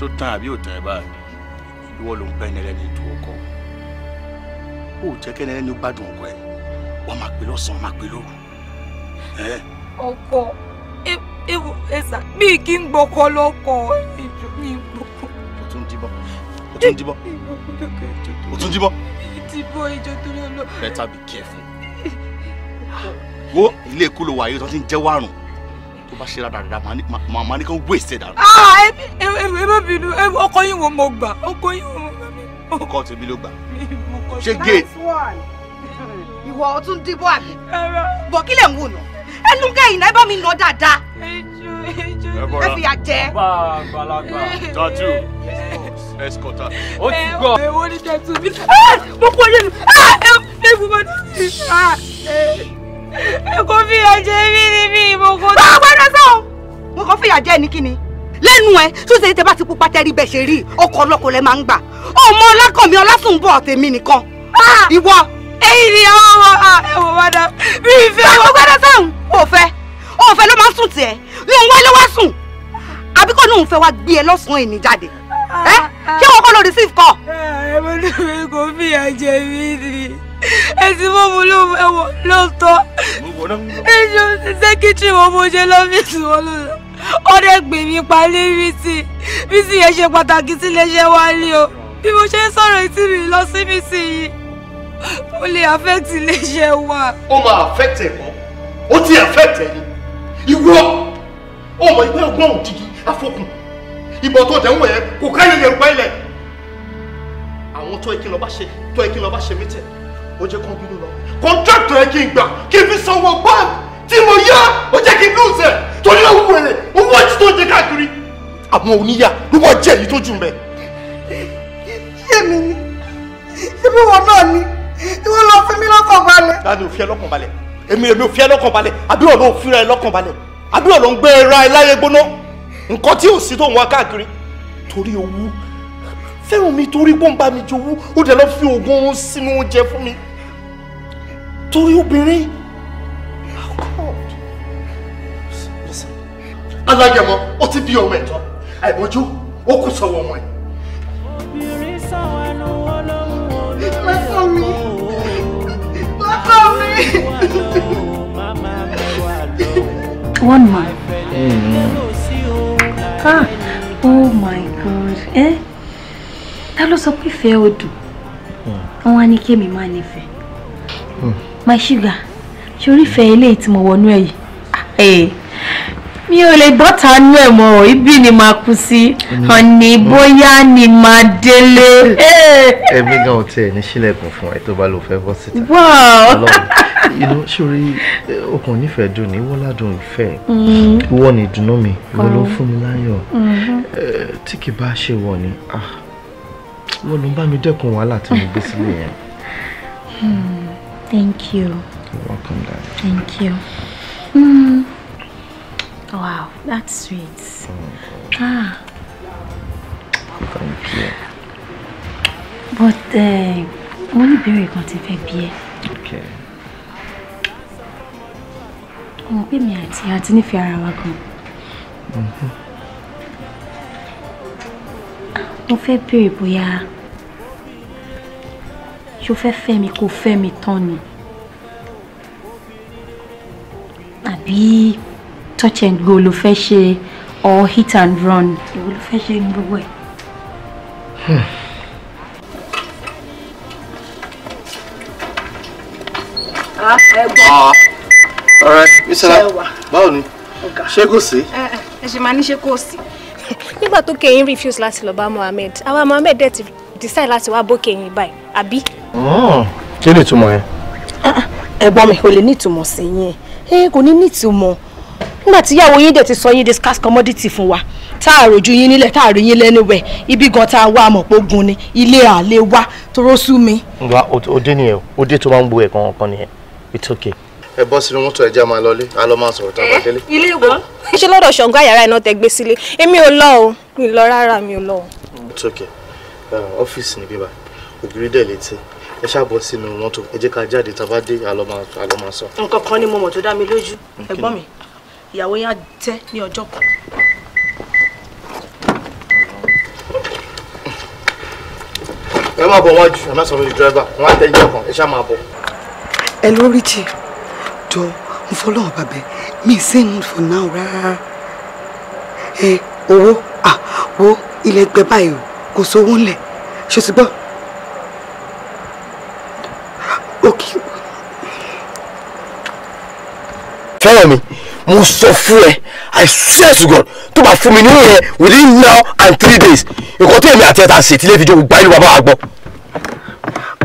só tán àbí ò tán ẹ báyìí ìwọ ló ń bẹ ẹni lẹni tó ọkọ ó jẹ kẹni lẹni ó gbádùn ọkọ ẹ wọn máa pè lọ́sàn án máa pè lóru. ọkọ ewu ẹsà mi kì í gbọkọ lọkọ ẹjọ mi gbọkọ. o tún dìbọ o tún dìbọ o tún dìbọ. ìdìbò ìjọ torí ọlọ. better be careful. wo ilé ikú ló wà tó ti ń jẹ́ wàrùn bá ṣe ra dàda màmá ní kó wéṣẹ̀ dànù. ẹ má bínú ọkọ yín wo mo gbà ọkọ yín wo mo gbà. ọkọ tèmi ló gbà ṣé gé. ìwọ ọtún dìbò àbí bọ kí lè ń wò nà ẹnu kẹyìn náà ẹ bá mi nà dáadáa ẹ fi yà jẹ. gbàgbàlagbà tatu ẹsikọta ó ti gbọ. ẹ wọ́n ní tẹ́tù mi. Ah, mo kọ́ yẹn ah, ẹ ẹ fún mi. Ah, ẹ kò fìyà jẹ mí ni mi mo kò. bá a gbọ́dọ̀ sọ mo kàn fìyà jẹ ní kíni lẹ́nu ẹ tó ṣe tẹ bá ti pupa tẹ́rí bẹ́ẹ̀ ṣe rí ọkọ̀ ọlọ́kọ̀ lẹ máa ń gbà ọmọ ọlákànmí ọlásùnbọ̀ tèmi nìkan ah! ìwọ. ẹ̀yin ni àwọn ọmọ ẹwọ padà bí ìfẹ́ wọn. báwo gbọ́dọ̀ sọhùn òfẹ òfẹ ló máa ń sùn tiẹ ní òun wáyé ló wá sùn àbí kò ní òun fẹ́ wá gbé ẹ lọ́sàn ah, ah, receive call. ẹ mo ní kò ẹsì mọ́ mu ló ẹwọ lóòótọ́ ẹjọ sẹ́kítírì wọn mo ṣe lọ́fíìsì wọn ló lọ ọdẹ gbè mí palẹ́ rìsì rìsì yẹn ṣe pàtàkì sí iléeṣẹ́ wa lé o bí mo ṣe ń sọ̀rọ̀ etí mi lọ sí mi sí i ó lè affect iléeṣẹ́ wa. ó máa affect ẹ̀ mọ́ ó ti affect ẹ̀ ni ìwọ ọmọ ìwé ọgbọ́n òdìgí afọkùn ìbọn tó tẹ̀ ń wọ̀ yẹn kò káyé Yorùbá ilẹ̀ àwọn tó ẹ kí lọ bá ṣe tó ẹ kí lọ bá ṣe mí tẹ̀ ó jẹ́ kán bínú lọ kọ́ńtrákítọ̀ yẹn kí n gbà kí n fi sanwó báàmù tí mo yá ó jẹ́ kí n lóòsẹ̀ torí owó wẹ̀rẹ̀ owó ọtí tó jẹ káàkiri àwọn oníyà ló wọ́n jẹ́ èyí tó jù mẹ́. yémi ni ibi wọn náà ni ìwọ lọ fi mí lọ́kàn balẹ̀. láti òfin ẹlọ́kàn balẹ̀ èmi èmi òfin ẹlọ́kàn balẹ̀ àbí ọ̀nà òfin ẹ lọ́kàn balẹ̀ àbí ọ̀nà ń gbé ẹra ẹ láyé gbóná nǹkan tí ò sí tó ń wá káàkiri torí owó fẹ́ràn mi torí pé bá mi jowú ó dẹ̀ lọ fi oògùn oorun sínú oúnjẹ fún mi torí obìnrin. Oh, alágẹmọ ó ti bí ọmọ ẹ̀tọ́ àìmọjú ó kù sọ́wọ́ ọmọ ẹ. obìnrin sọ ẹnu wo ló ń wo ló ń wò ó mi. one man. ah oh my god eh? ta ló sọ pé ìfẹ́ odò hmm. wọn wá ní kémi má nífẹ̀ẹ́. Hmm my sugar ṣorí fẹ́ my one way. Hey, ẹ̀ yìí ah, eh, mi ò lè bọ́ tanú ẹ̀ mọ́ ọ ibi ni màá kú sí ọ̀nì mm. mm. bóyá ni màá délé. Eh. ẹbí gan ò tiẹ̀ ní sílẹ̀kùn fún ẹ tó bá lọ fẹ́ bọ́ síta. ìlú sórí okùn nífẹ̀ẹ́ dùn ní wọ́ládùn ìfẹ́ mm. ìwọ ni ìdùnnú mi ìwọ ló fún mi láyọ̀ mm-hmm. eh, tí kì bá ṣe wọ̀ ni ah, wọ́n ló ń bá mi dẹ́kun wàhálà tí mo gbé sílẹ̀ yẹn. Hmm. Thank you. You're welcome, Dad. Thank you. Mm. Wow, that's sweet. Oh. Ah. Thank you. But mo ní ìbéèrè kan tí fẹ́ bi ẹ́. Okay. Ọmọ pé mi àti àti nífẹ̀ẹ́ ara wa gan. Mm-hmm. Mo fẹ́ béèrè bóyá ṣó fẹ́ fẹ́ mi kó fẹ́ mi tán touch and go ló fẹ́ ṣe hit and run èwo ló fẹ́ ṣe ní gbogbo ẹ̀. ọ̀rẹ́ hmm. mísàlá báwo ni ṣé kò sí. Eh, eh, ẹ ṣe máa ní ṣe kò sí. nígbà tó refuse láti lọ bá Mohammed àwa Mohammed dẹ̀ ti decide láti wá bó kẹ́yìn báyìí àbí. Hmm, kí ni ìtumọ̀ yẹn. Ah, ah, ẹ̀gbọ́n mi ò lè ní ìtumọ̀ sí yín ẹ kò ní ní ìtumọ̀ nígbà tí ìyàwó yín dẹ̀ ti sọ yín di commodity fún wa tá a rojú yín nílẹ̀ tá a rí yín lẹ́nu wẹ̀ ibi gan tá a wá àmọ̀ pé ogun ni ilé àlè wa tóró sú mi. wa òde nìyẹn òde tó máa ń bu ẹ̀kan ọ̀kan nìyẹn it's okay. ẹ bọ́ sínú mọ́tò ẹja máa lọlé a lọ máa sọ̀rọ̀ tá a bá délé. ilé ìwọ. ṣé lọ́dọ̀ ṣọ̀ǹgó àyàrá iná tẹ gbé sílé èmi ò lọ o mi lọ rárá mi ò lọ it's okay uh, ọ́fíìsì ni bíbá ògiri dẹ̀ létí ẹ ṣàbọ̀ sínú mọ́tò ẹ jẹ́ ká jáde tá a bá dé àlọ́ máa sọ. nǹkan kan ni mo mọ̀ tó dá mi lójú ẹ̀gbọ́n mi ìyàwó yẹn á tẹ́ ní ọjọ́ kan. ẹ máa bọ̀ wájú ẹ má sọ lórí dírẹ́bà wọn á tẹ́ ìjọ kan ẹ ṣá máa bọ̀. ẹ lórí jì jọ mo fọlọ́wọ́ bàbẹ mi ì sẹ́yìn for now rárá ẹ owó ah wo ilẹ̀ gbẹ báyìí o kò sówó ńlẹ̀ ṣòṣùgbọ́n Okay. Fẹ́ràn mi, mo sọ fún ẹ, I swear to God, tó bá fún mi ní yẹn within now and three days, nǹkan tó èmi àti ẹ̀ta ṣètì lè fi jó gbá ìlú bàbá wa gbọ́.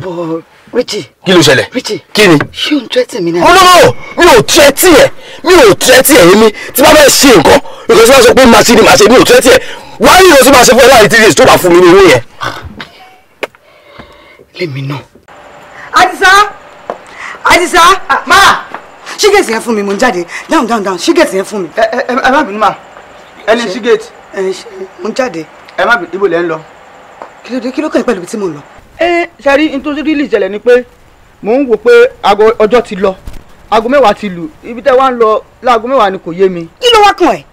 Bọ̀ Richie. Kí ló ṣẹlẹ̀? Richie. Kí ni? Ṣé o ń tẹ́tì mi náà? Olówó oh, mi ò tẹ́tì ẹ̀, mi ò tẹ́tì ẹ̀ mi, tí bá bẹ́ẹ̀ ṣe nǹkan, nǹkan tí wọ́n sọ pé màá ṣe ni màá ṣe, mi ò tẹ́tì ẹ̀, wáyé ìrọsí máa ṣe fún ẹ láàrin three days tó bá fún mi ní yẹn. Lèmi náà. Àdìsá Àdìsá ah, ma she gets here for me, ń down down down She gets here for me. Eh, eh, eh. ma eh, she ṣígẹ̀tì. ẹ ṣe Ma, ń jáde. ẹ má bínú ibo lẹ ń lọ. kí ló dé kí ló kàn ibi tí mo lọ. ẹ ṣe rí nítorí rílì ìṣẹ̀lẹ̀ ni pé mò ń wò pé aago ọjọ́ ti lọ aago mẹ́wàá ti lù ibi tẹ́ wa ń lọ láago mẹ́wàá ni kò yé mi. kí ló wá kàn ẹ́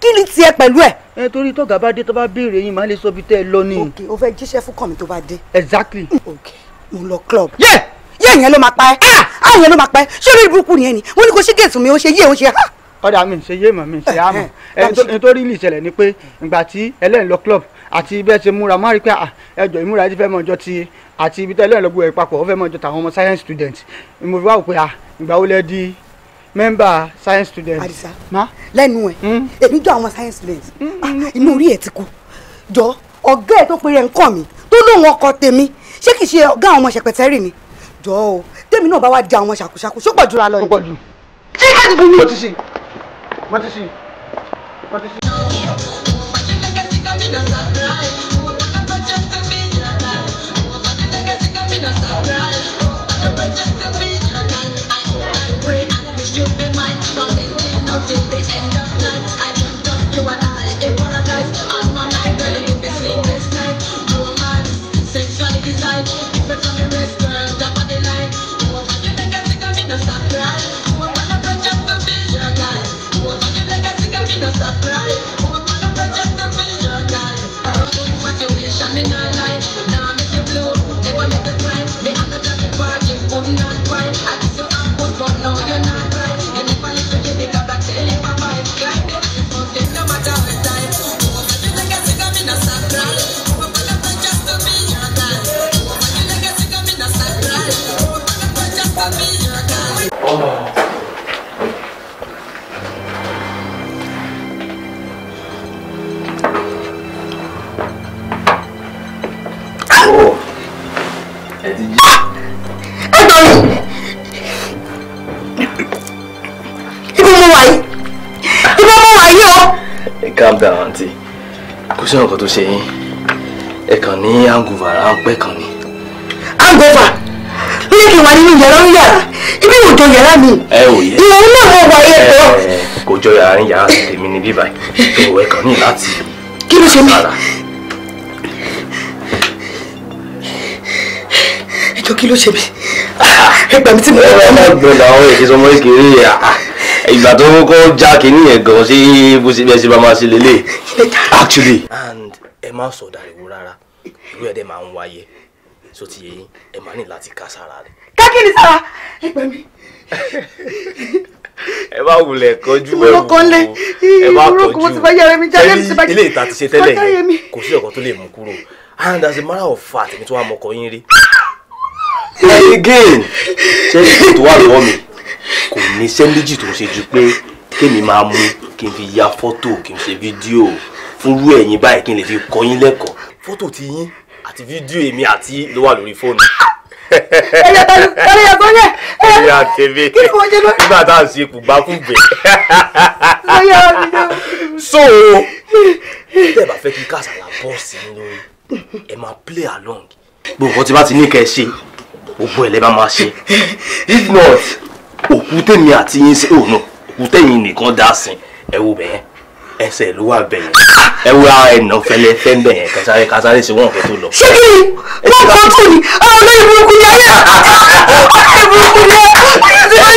kí ni tiẹ̀ pẹ̀lú ẹ̀. ẹ torí tọ́gà bá dé tó bá béèrè yín màá lè sọ ibi tẹ́ ẹ ni. ok o fẹ́ jíṣẹ́ fún kàn mi tó bá dé. exactly. Okay mo lọ club. yé yé ìyẹn ló máa pa ẹ́ ah, ah ìyẹn ló máa pa ẹ́ ṣé orí burúkú nìyẹn ni wọ́n ní kò sí géètì mi ó ṣe yé ó ṣe ha. ọ̀dà mi ṣe yé mọ̀ mi ṣe àmọ̀ nítorí ilé ìṣẹ̀lẹ̀ ni pé ìgbà tí ẹlẹ́yìn lọ club àti bẹ́ẹ̀ ṣe múra máa rí pé ah, ẹjọ́ ìmúra ti fẹ́ mọ ọjọ́ ti àti ibi tẹ́lẹ̀ lọ́gbọ̀ ẹ̀ papọ̀ ó fẹ́ mọ ọjọ́ tàwọn ọmọ science student mo fi wá wò pé ah, ìgbà wo lẹ di mẹ́mbà science student. àdìsá lẹ́nu ẹ̀ hmm? èmi jọ àwọn science student hmm, hmm, inú orí ẹ̀ ti kú jọ ọ̀gá ẹ̀ tó pe rẹ̀ ń kọ́ mi tó lóun ọkọ tèmi ṣé kìí ṣe ọ̀gá àwọn ọmọ ṣẹpẹtẹ́rì ni jọ o tèmi náà bá wá di àwọn ṣàkóṣàkó ṣó pọ̀ jura lọ yìí. ó pọ̀ jù. ṣé ká ti bù mí. mo ti ṣe mo ti ṣe mo ti ṣe. Stupid minds ibi mo wà yìí ibi mo wà yìí o. ẹ calm down aunty kò sí nǹkan tó ṣe yín ẹ kàn ní hangover ráńpẹ́ kan ni. hangover ní kí n wà nínú yàrá ń yàrá ibi ò jọ yàrá mi. ẹ ò yẹ ìwọ̀n náà mo wà yẹ kọ́. kò jọ yàrá ń yàrá sí tèmi ní bíbá yìí ẹ kàn ní láti. kí ló ṣe mí. ẹjọ́ kí ló ṣe mí ẹgbẹ́ ah, mi tí mo rọ ọmọ ọdún náà àwọn èké sọmọ ìkéré ah, ìgbà tó kọ́ já kínní yẹn gan sí bó ṣe bẹ́ẹ̀ ṣe bá máa ṣe lélẹ̀ actually. and ẹ má sọ dàríwó rárá irú ẹ̀ máa ń wáyé so ti yẹn ẹ máa ní láti ká sára rẹ. kákìrì sára ẹgbẹ́ mi. ẹ má wulẹ̀ kọjú ẹ wò ẹ má kọjú ilé ìta ti ṣe tẹ́lẹ̀ yẹn kò sí ọ̀kan tó lè mú kúrò and as a matter of fact èmi tó wà mọ́kọ yín rí again ṣẹ́ẹ̀sì tó wà lọ́wọ́ mi kò ní iṣẹ́ méjì tó ń ṣe ju pé kémi máa mú kí n fi ya fọ́tò kí n ṣe fídíò fúnrú ẹ̀yìn báyìí kí n lè fi kọ́ yín lẹ́kọ̀ọ́ fọ́tò ti yín àti fídíò èmi àti ló wà lórí fóònù ẹyẹ tẹlu ẹyẹ yàtọ̀ yẹ ẹyẹ yà tẹ̀lé kí ni mo jẹ lórí. nígbà tá a ṣe kù bá kú gbẹ. lọ́yà mi lọ. so tẹ́ ẹ bá fẹ́ kí kásálà bọ́ọ̀sì yín lórí ẹ máa play along. gbogbo nǹkan tí bá ti ní kẹ́ ṣe gbogbo ẹ̀ lẹ́ bá máa ṣe if not òkú tèmi àti yín sí òun náà òkú tẹ̀yìn nìkan dá sí ẹ wo bẹ́ẹ̀ ẹsẹ̀ ló wà bẹ́ẹ̀ ẹ wo ara ẹ̀nà fẹlẹ́ fẹ́ bẹ́ẹ̀ kásáré kásáré sí wọn fẹ́ tó lọ. ṣé kí ni wọn bá tó ni àwọn olóyè burúkú ni ayé olóyè burúkú ni ayé. fẹ́ràn mi nǹkan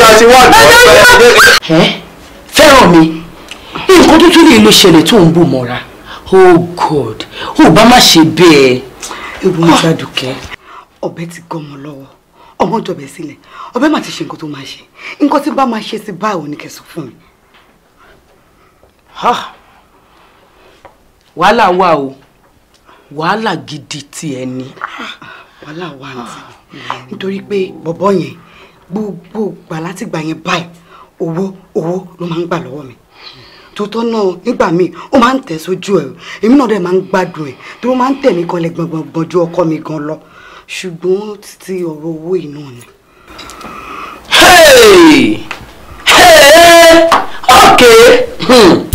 tó tún lè lo ṣẹlẹ̀ tó ń bù mọ́ra oh god ò oh, bá má ṣe bẹ́ẹ̀ ewu ní sádùkẹ́ ọ̀bẹ ti gọmọ lọ́wọ́ ọmọ jọbẹ sílẹ̀ ọ̀bẹ mà ti ṣe nǹkan tó máa ṣe nǹkan tí bá máa ṣe sí báwo ni kẹsọ fún mi. wàhálà wà o wàhálà gidi ti ẹ ni. wàhálà wà ntì nítorí pé bọ̀bọ̀ yẹn gbogbo gbà látìgbà yẹn báyìí owó owó ló máa ń gbà lọ́wọ́ mi tòótọ́ náà nígbà míì ó máa ń tẹ̀ sójú ẹ̀ èmi náà dẹ̀ máa ń gbádùn ẹ̀ tó máa ń tẹ̀ mí kan gbọ̀ngbọ̀n ju ọkọ mi gan lọ ṣùgbọ́n títí ọ̀rọ̀ owó iná ni. okay. Hmm.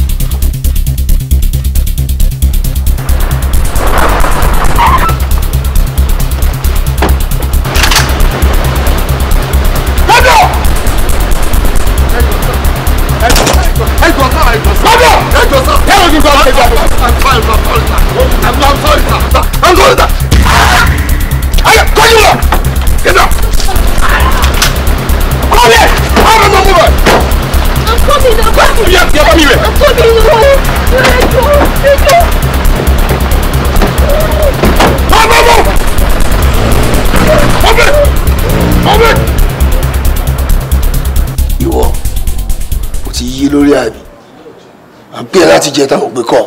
gbé láti jẹta ò gbé kọ́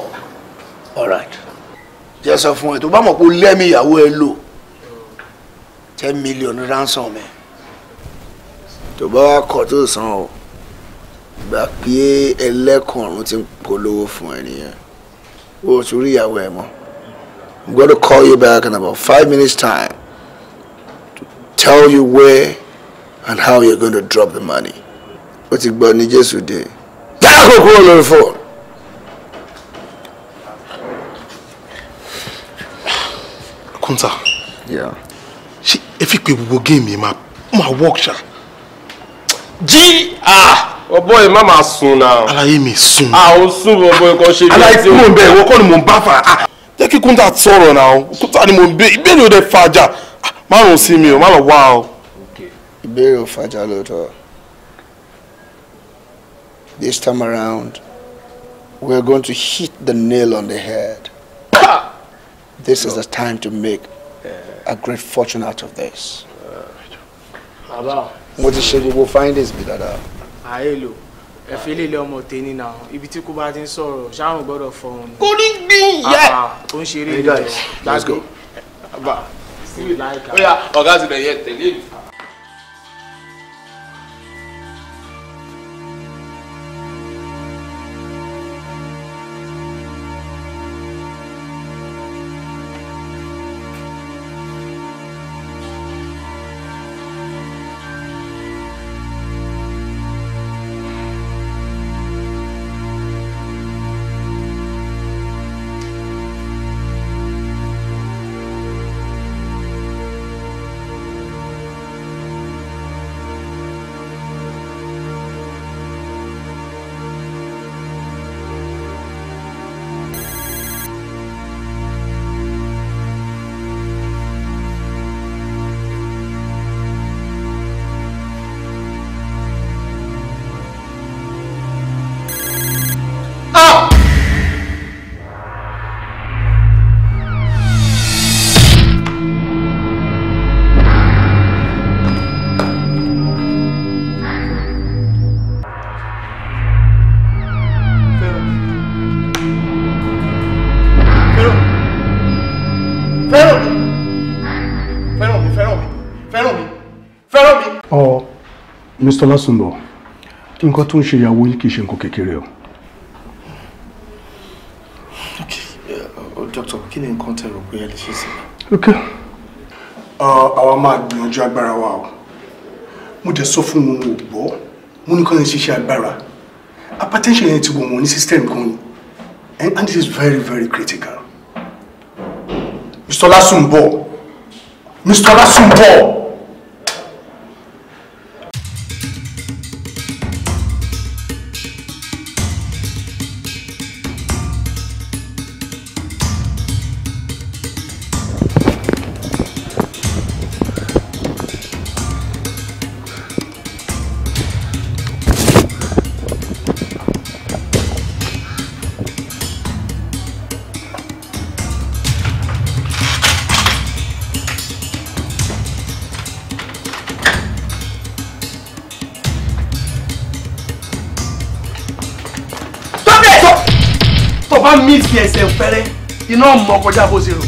alright jẹ́ sọ fún ẹ tó bá mọ̀ pé ó lẹ́mí ìyàwó ẹ lò ten million ransom ẹ tó bá wá kọ̀ tó san o gbà pé ẹlẹ́kànrún ti ń polówó fún ẹ nìyẹn o tún rí ìyàwó ẹ mọ́ I'm going to call you back in about five minutes time to tell you where and how you're going to drop the money. ó ti gbọ́ ní Jésù dé. dáàbò kúrò lórí fóònù. kúńtà ṣé ẹ fi pé gbogbo géèmù yìí máa máa work ṣá. jí ọ̀bọ ah! oh yìí má máa sùn náà. aláyé mi sùn. a ah, ò sùn oh bọ̀bọ̀ ẹ̀kọ́ ṣe bí ẹ ti wò. aláyé tí mò ń bẹ ìwọ kọ́ ni mò ń bá fà á. Ah, jẹ́ kí kúńtà sọ̀rọ̀ náà kúńtà ni mò ń bẹ ìbéèrè ò dẹ̀ fàájà márùn-ún sí mi ò má lọ wá o. ìbéèrè ò fàájà lóòótọ́ this time around we are going to hit the nail on the head this is the time to make a great fortune out of this. mo ti ṣe gbogbo findings mi dáadáa. ayé lò ẹ fi lè lé ọmọ tèmi náà ibi tí kò bá ti ń sọ̀rọ̀ ṣáàrùn gbọ́dọ̀ fọhùn. kò ní gbìn yẹ. tó ń ṣeré ìjọ gbàgbé ọgá ti bẹ̀ yẹ tẹ̀lé mi. Mr. Lásùnbọ̀ nǹkan tó ń ṣe ìyàwó yìí kì í ṣe nǹkan kékeré o. Eh, oh, dókítà kí ni nǹkan tẹ́ rò pé ẹ lè ṣe sí i. Ah, àwa máa gbìyànjú agbára wa o mo jẹ sọ fún wọn ò gbọ́ mo ní kàn ń ṣiṣẹ́ agbára hypertension yẹn ti wọ̀ wọ́n ní system kan ni eh, and this is very very critical. Mr. Lásùnbọ̀ Mr. Lásùnbọ̀. mọ kọjá bó ṣe rò.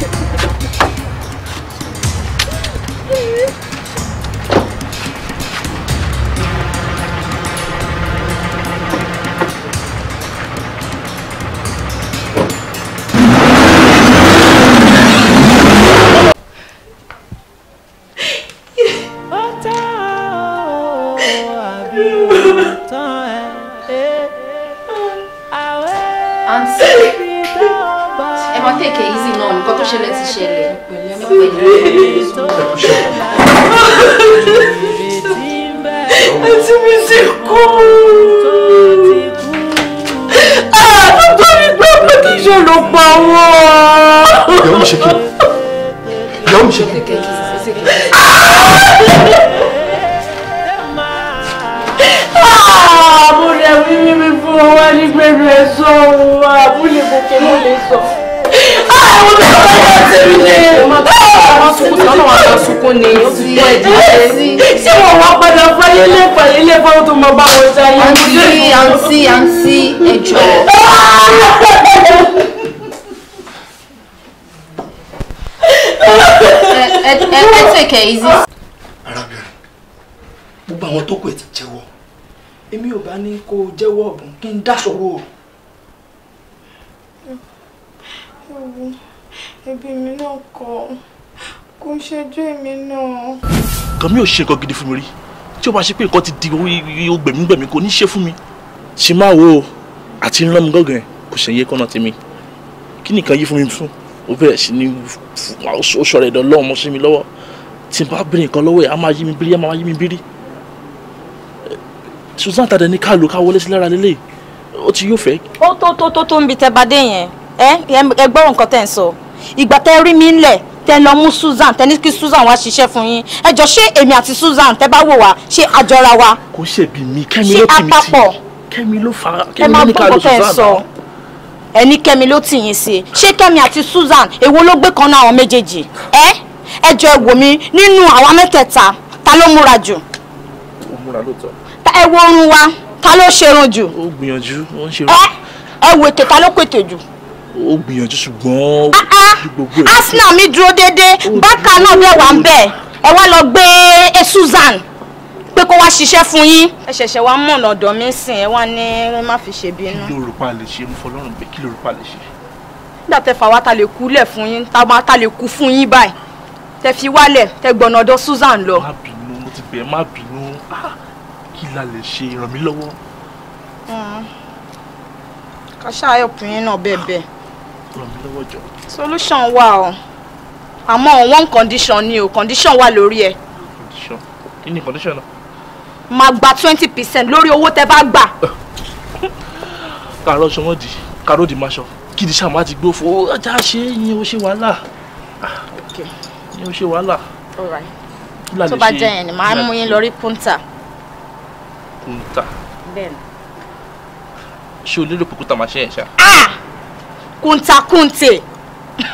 ń dá sọ̀rọ̀ o. ewu ẹbí mi náà kọ kò ń ṣẹjọ́ èmi náà. kàmí ò ṣe nǹkan gidi fún mi rí tí ó bá ṣe pé nǹkan ti di orí ogbèmígbèmí kò ní ṣe fún mi ṣe máa wo àti rán mi gángan kò ṣe yẹ kọ́nà tèmi kí nìkan yí fún mi fún ó bẹ̀rẹ̀ sí ní oṣù rẹ̀ dán lọ́wọ́ mọ́sí lọ́wọ́ tí n bá bèrè nǹkan lọ́wọ́ ẹ̀ á máa yí mi bírí á máa yí mi bírí Susan tàdé ní ká lò ká wọlé sí lára lélẹ́yìí O ti yóò fẹ́. ó tó tó tó tó ń bi tẹ́badé yẹn ẹ ẹ gbọ́rọ̀ nǹkan tẹ̀ ń sọ ìgbà tẹ́ rí mi ńlẹ̀ tẹ́ lọ mú Susan tẹ́ ní kí Susan wá ṣiṣẹ́ fún yín ẹ jọ ṣé èmi àti Susan tẹ́ bá wò wá ṣé àjọra wa. kò ṣèbí mi kẹ́mi ló tì mí tì kẹ́mi ló fara kẹ́mi ló ní ká lọ Susan ẹni kẹ́mi ló tì yín sí ṣé kẹ́mi àti Susan èwo ló gbé kan náà àwọn méjèèjì ẹ ẹ jọ ẹ wò mí nínú àwa mẹ́tẹ̀ẹ̀ta ta ló múra jù. ó múra lóòótọ́. ẹ wo orun wa ta ló ṣerun jù. ó gbìyànjú ó ń ṣerun. ẹ ẹ wo ètè ta ló pètè jù. ó gbìyànjú ṣùgbọ́n. Ah, ah, arsenal mi dúró déédéé bákan náà bẹ́ẹ̀ wà ń bẹ̀ ẹ wá lọ gbé e susan pé kó wá ṣiṣẹ́ fún yín. ẹ ṣẹ̀ṣẹ̀ wá mọ̀nà ọ̀dọ̀ mi sìn ẹ wá ní má fi ṣe bínú. kí ló rò pa lè ṣe mo fọlọ́run pé kí ló rò pa lè ṣe. nígbà tẹ fà wá ta lè kú lẹ̀ fún yín ta máa ta lè kú fún yín báyìí tẹ fi wálẹ̀ tẹ gbọ̀nà ọ̀dọ̀ susan lọ. má bínú mo ti bẹ̀ má bínú. Ah, kí la lè ṣe ràn mí lọ́wọ́. ká ṣáà ẹ̀pù náà bẹ́ẹ̀ bẹ́ẹ̀. ràn mí lọ́wọ́ jọ. solution wà o àmọ́ one condition ni o condition wà lórí ẹ̀. condition kí ni condition náà. máa gba twenty percent lórí owó tẹ bá gbà. kàrọ̀ ṣọwọ́n di kàrọ̀ di máṣọ kí ni sàmá ti gbó fún ọ ajá ṣe é yín ó ṣe wàhálà yín ó ṣe wàhálà. all right tó bá jẹ́ yẹn ni màá mú yín lọ rí kúńtà òkúta. bẹ́ẹ̀ni. ṣé o lérò pé kúta máa ṣe ẹ̀ ṣá. Ah! kúntakúnte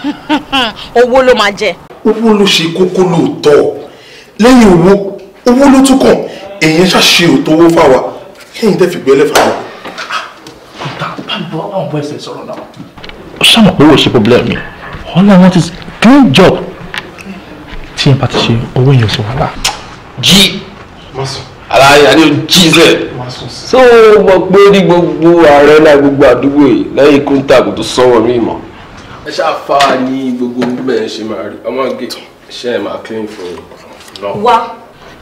owó ló máa jẹ. owó ló ṣe kókó lóòótọ́ lẹ́yìn owó owó ló tún kàn èèyàn ṣàṣe òótọ́ owó fáwa kẹ́yìn tẹ́ fi gbé ẹlẹ́fà lọ. Ah! kúta báwo àwọn ọmọ ẹsẹ̀ sọ̀rọ̀ náà. ó ṣàmọ̀ pé owó ṣe problem mi all I want is clean job tí n bá ti ṣe owó yẹn sọ wàhálà. jí. má aláya ni jí sẹ so mo pé ní gbogbo ààrẹ náà gbogbo àdúgbò yìí lẹ́yìn kúńtà kò tó sọwọ mí mọ. ẹ ṣáà fa ní gbogbo bẹ́ẹ̀ ṣe máa rí ọmọ gé ṣe é máa clean fún un. wá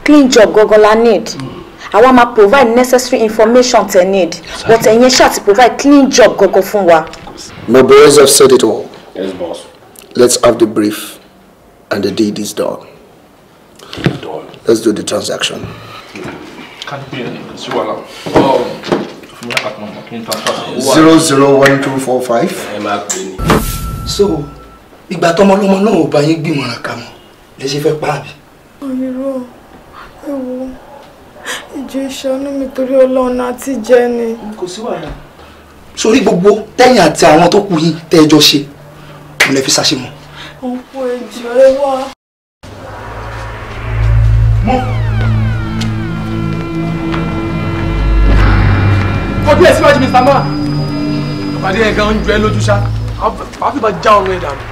clean job gangan la need hmm. àwa máa provide necessary information tẹ need but ẹ̀yin ṣáà ti provide clean job gangan fún wa. my boys have said it all. yes let's have the brief and the deed is done. Let's do the transaction zero zero one two four five. so ìgbà tọmọlọmọ náà ò bá yín gbìmọ̀ràn kà mọ́ lẹ́sẹ̀ fẹ́ pa àbí. òyìnbó ẹ wo ìjọ ìṣàánú mi torí ọlọ́run àti jẹ́ ni. kò sí wàhálà. sórí gbogbo tẹ́yìn àti àwọn tó kù yín tẹ́ ẹ jọ ṣe mo lè fi ṣàṣemọ. òkú ẹjọ ẹ wá. ojú ẹ̀ síwájú mr Ma. àpàdé ẹ̀ gan-an ń ju ẹ lójú ṣá wàá fi bá já ọrùn ẹ̀ dànù.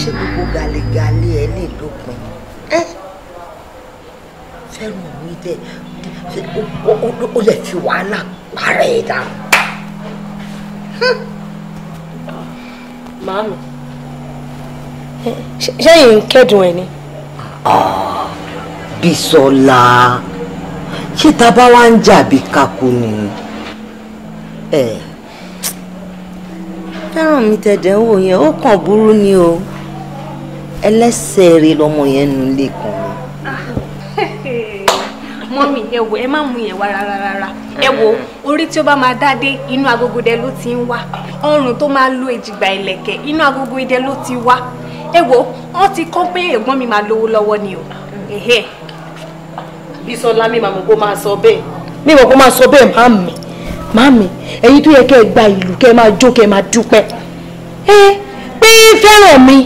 ṣé gbogbo gàlégàlé ẹ ní ìlópin ẹ fẹ́ràn mi dẹ ó lè fi wàhálà para ẹ̀ dànù. màámi ṣẹ́yìn kẹ́dùn ẹ̀ ni. Ah, Bísọ́lá ṣé ta bá wá ń jà bí kakú ni. fẹ́ràn mi tẹ̀dẹ̀ ń wò yẹn ó kàn burú ni o ẹlẹ́sẹ̀ rẹ lọmọ yẹn nu lẹ́kàn mi. mọ́mí ẹ wò ẹ má mú yẹn wá rárá rárá ẹ eh. wò orí tí ó bá máa dádé inú agogodẹ ló ti ń wá ọrùn tó máa lo èjìgbà ìlẹ̀kẹ̀ inú agogodẹ ló ti wá ẹ wo wọ́n ti kọ́ pé ẹ̀gbọ́n mi máa lówó lọ́wọ́ ni o Bísọ́lá mi màmú kó máa sọ bẹ́ẹ̀. mi mọ̀ kó máa sọ bẹ́ẹ̀ máa mi máa mi ẹ̀yin tó yẹ kẹ́ ẹ gba ìlú kẹ́ ẹ máa jó kẹ́ ẹ máa dúpẹ́ ẹ pé fẹ́ràn mi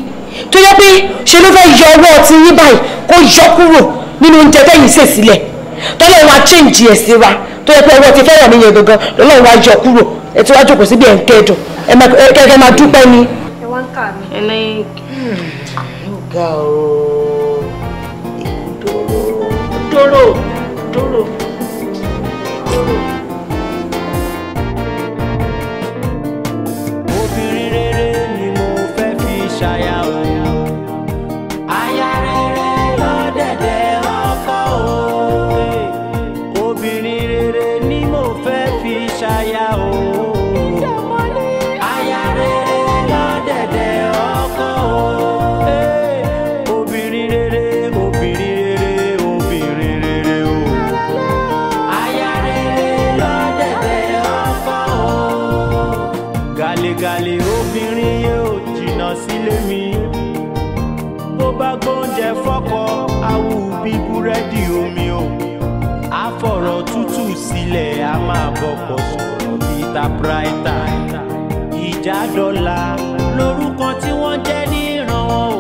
tó yẹ pé ṣe ló fẹ́ yọ ọwọ́ ọtí yín báyìí kó yọ kúrò nínú oúnjẹ tẹ́yìn sè sílẹ̀ tọ́lọ́ wa change ẹ̀ síra tó yẹ pé ọwọ́ ti fẹ́ràn mi yẹn gangan lọ́lọ́ wa yọ kúrò ẹ ti wá jókòó síbi ẹ̀ ń kẹ́dùn ẹ kẹ́kẹ́ máa dúpẹ́ ni. ẹ wá ń kà mí. ẹ ní yóò ga ooo dodo, dodo, dodo. dóró dọ́là lórúkọ tí wọ́n jẹ́ níranwọ́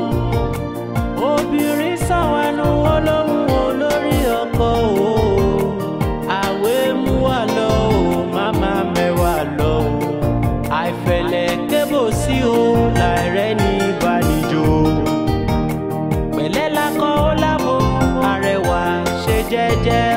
o obìnrin sọ̀wánú olóhùn olórí ọkọ o àwẹ̀ mú wa lọ o màmá mẹ́wàá lọ o àìfẹ̀lẹ̀ kébò sí o láìrẹ́ ní ìbánijó pẹ̀lẹ́ lakọ́ ó lábo arẹwà ṣe jẹ́jẹ́.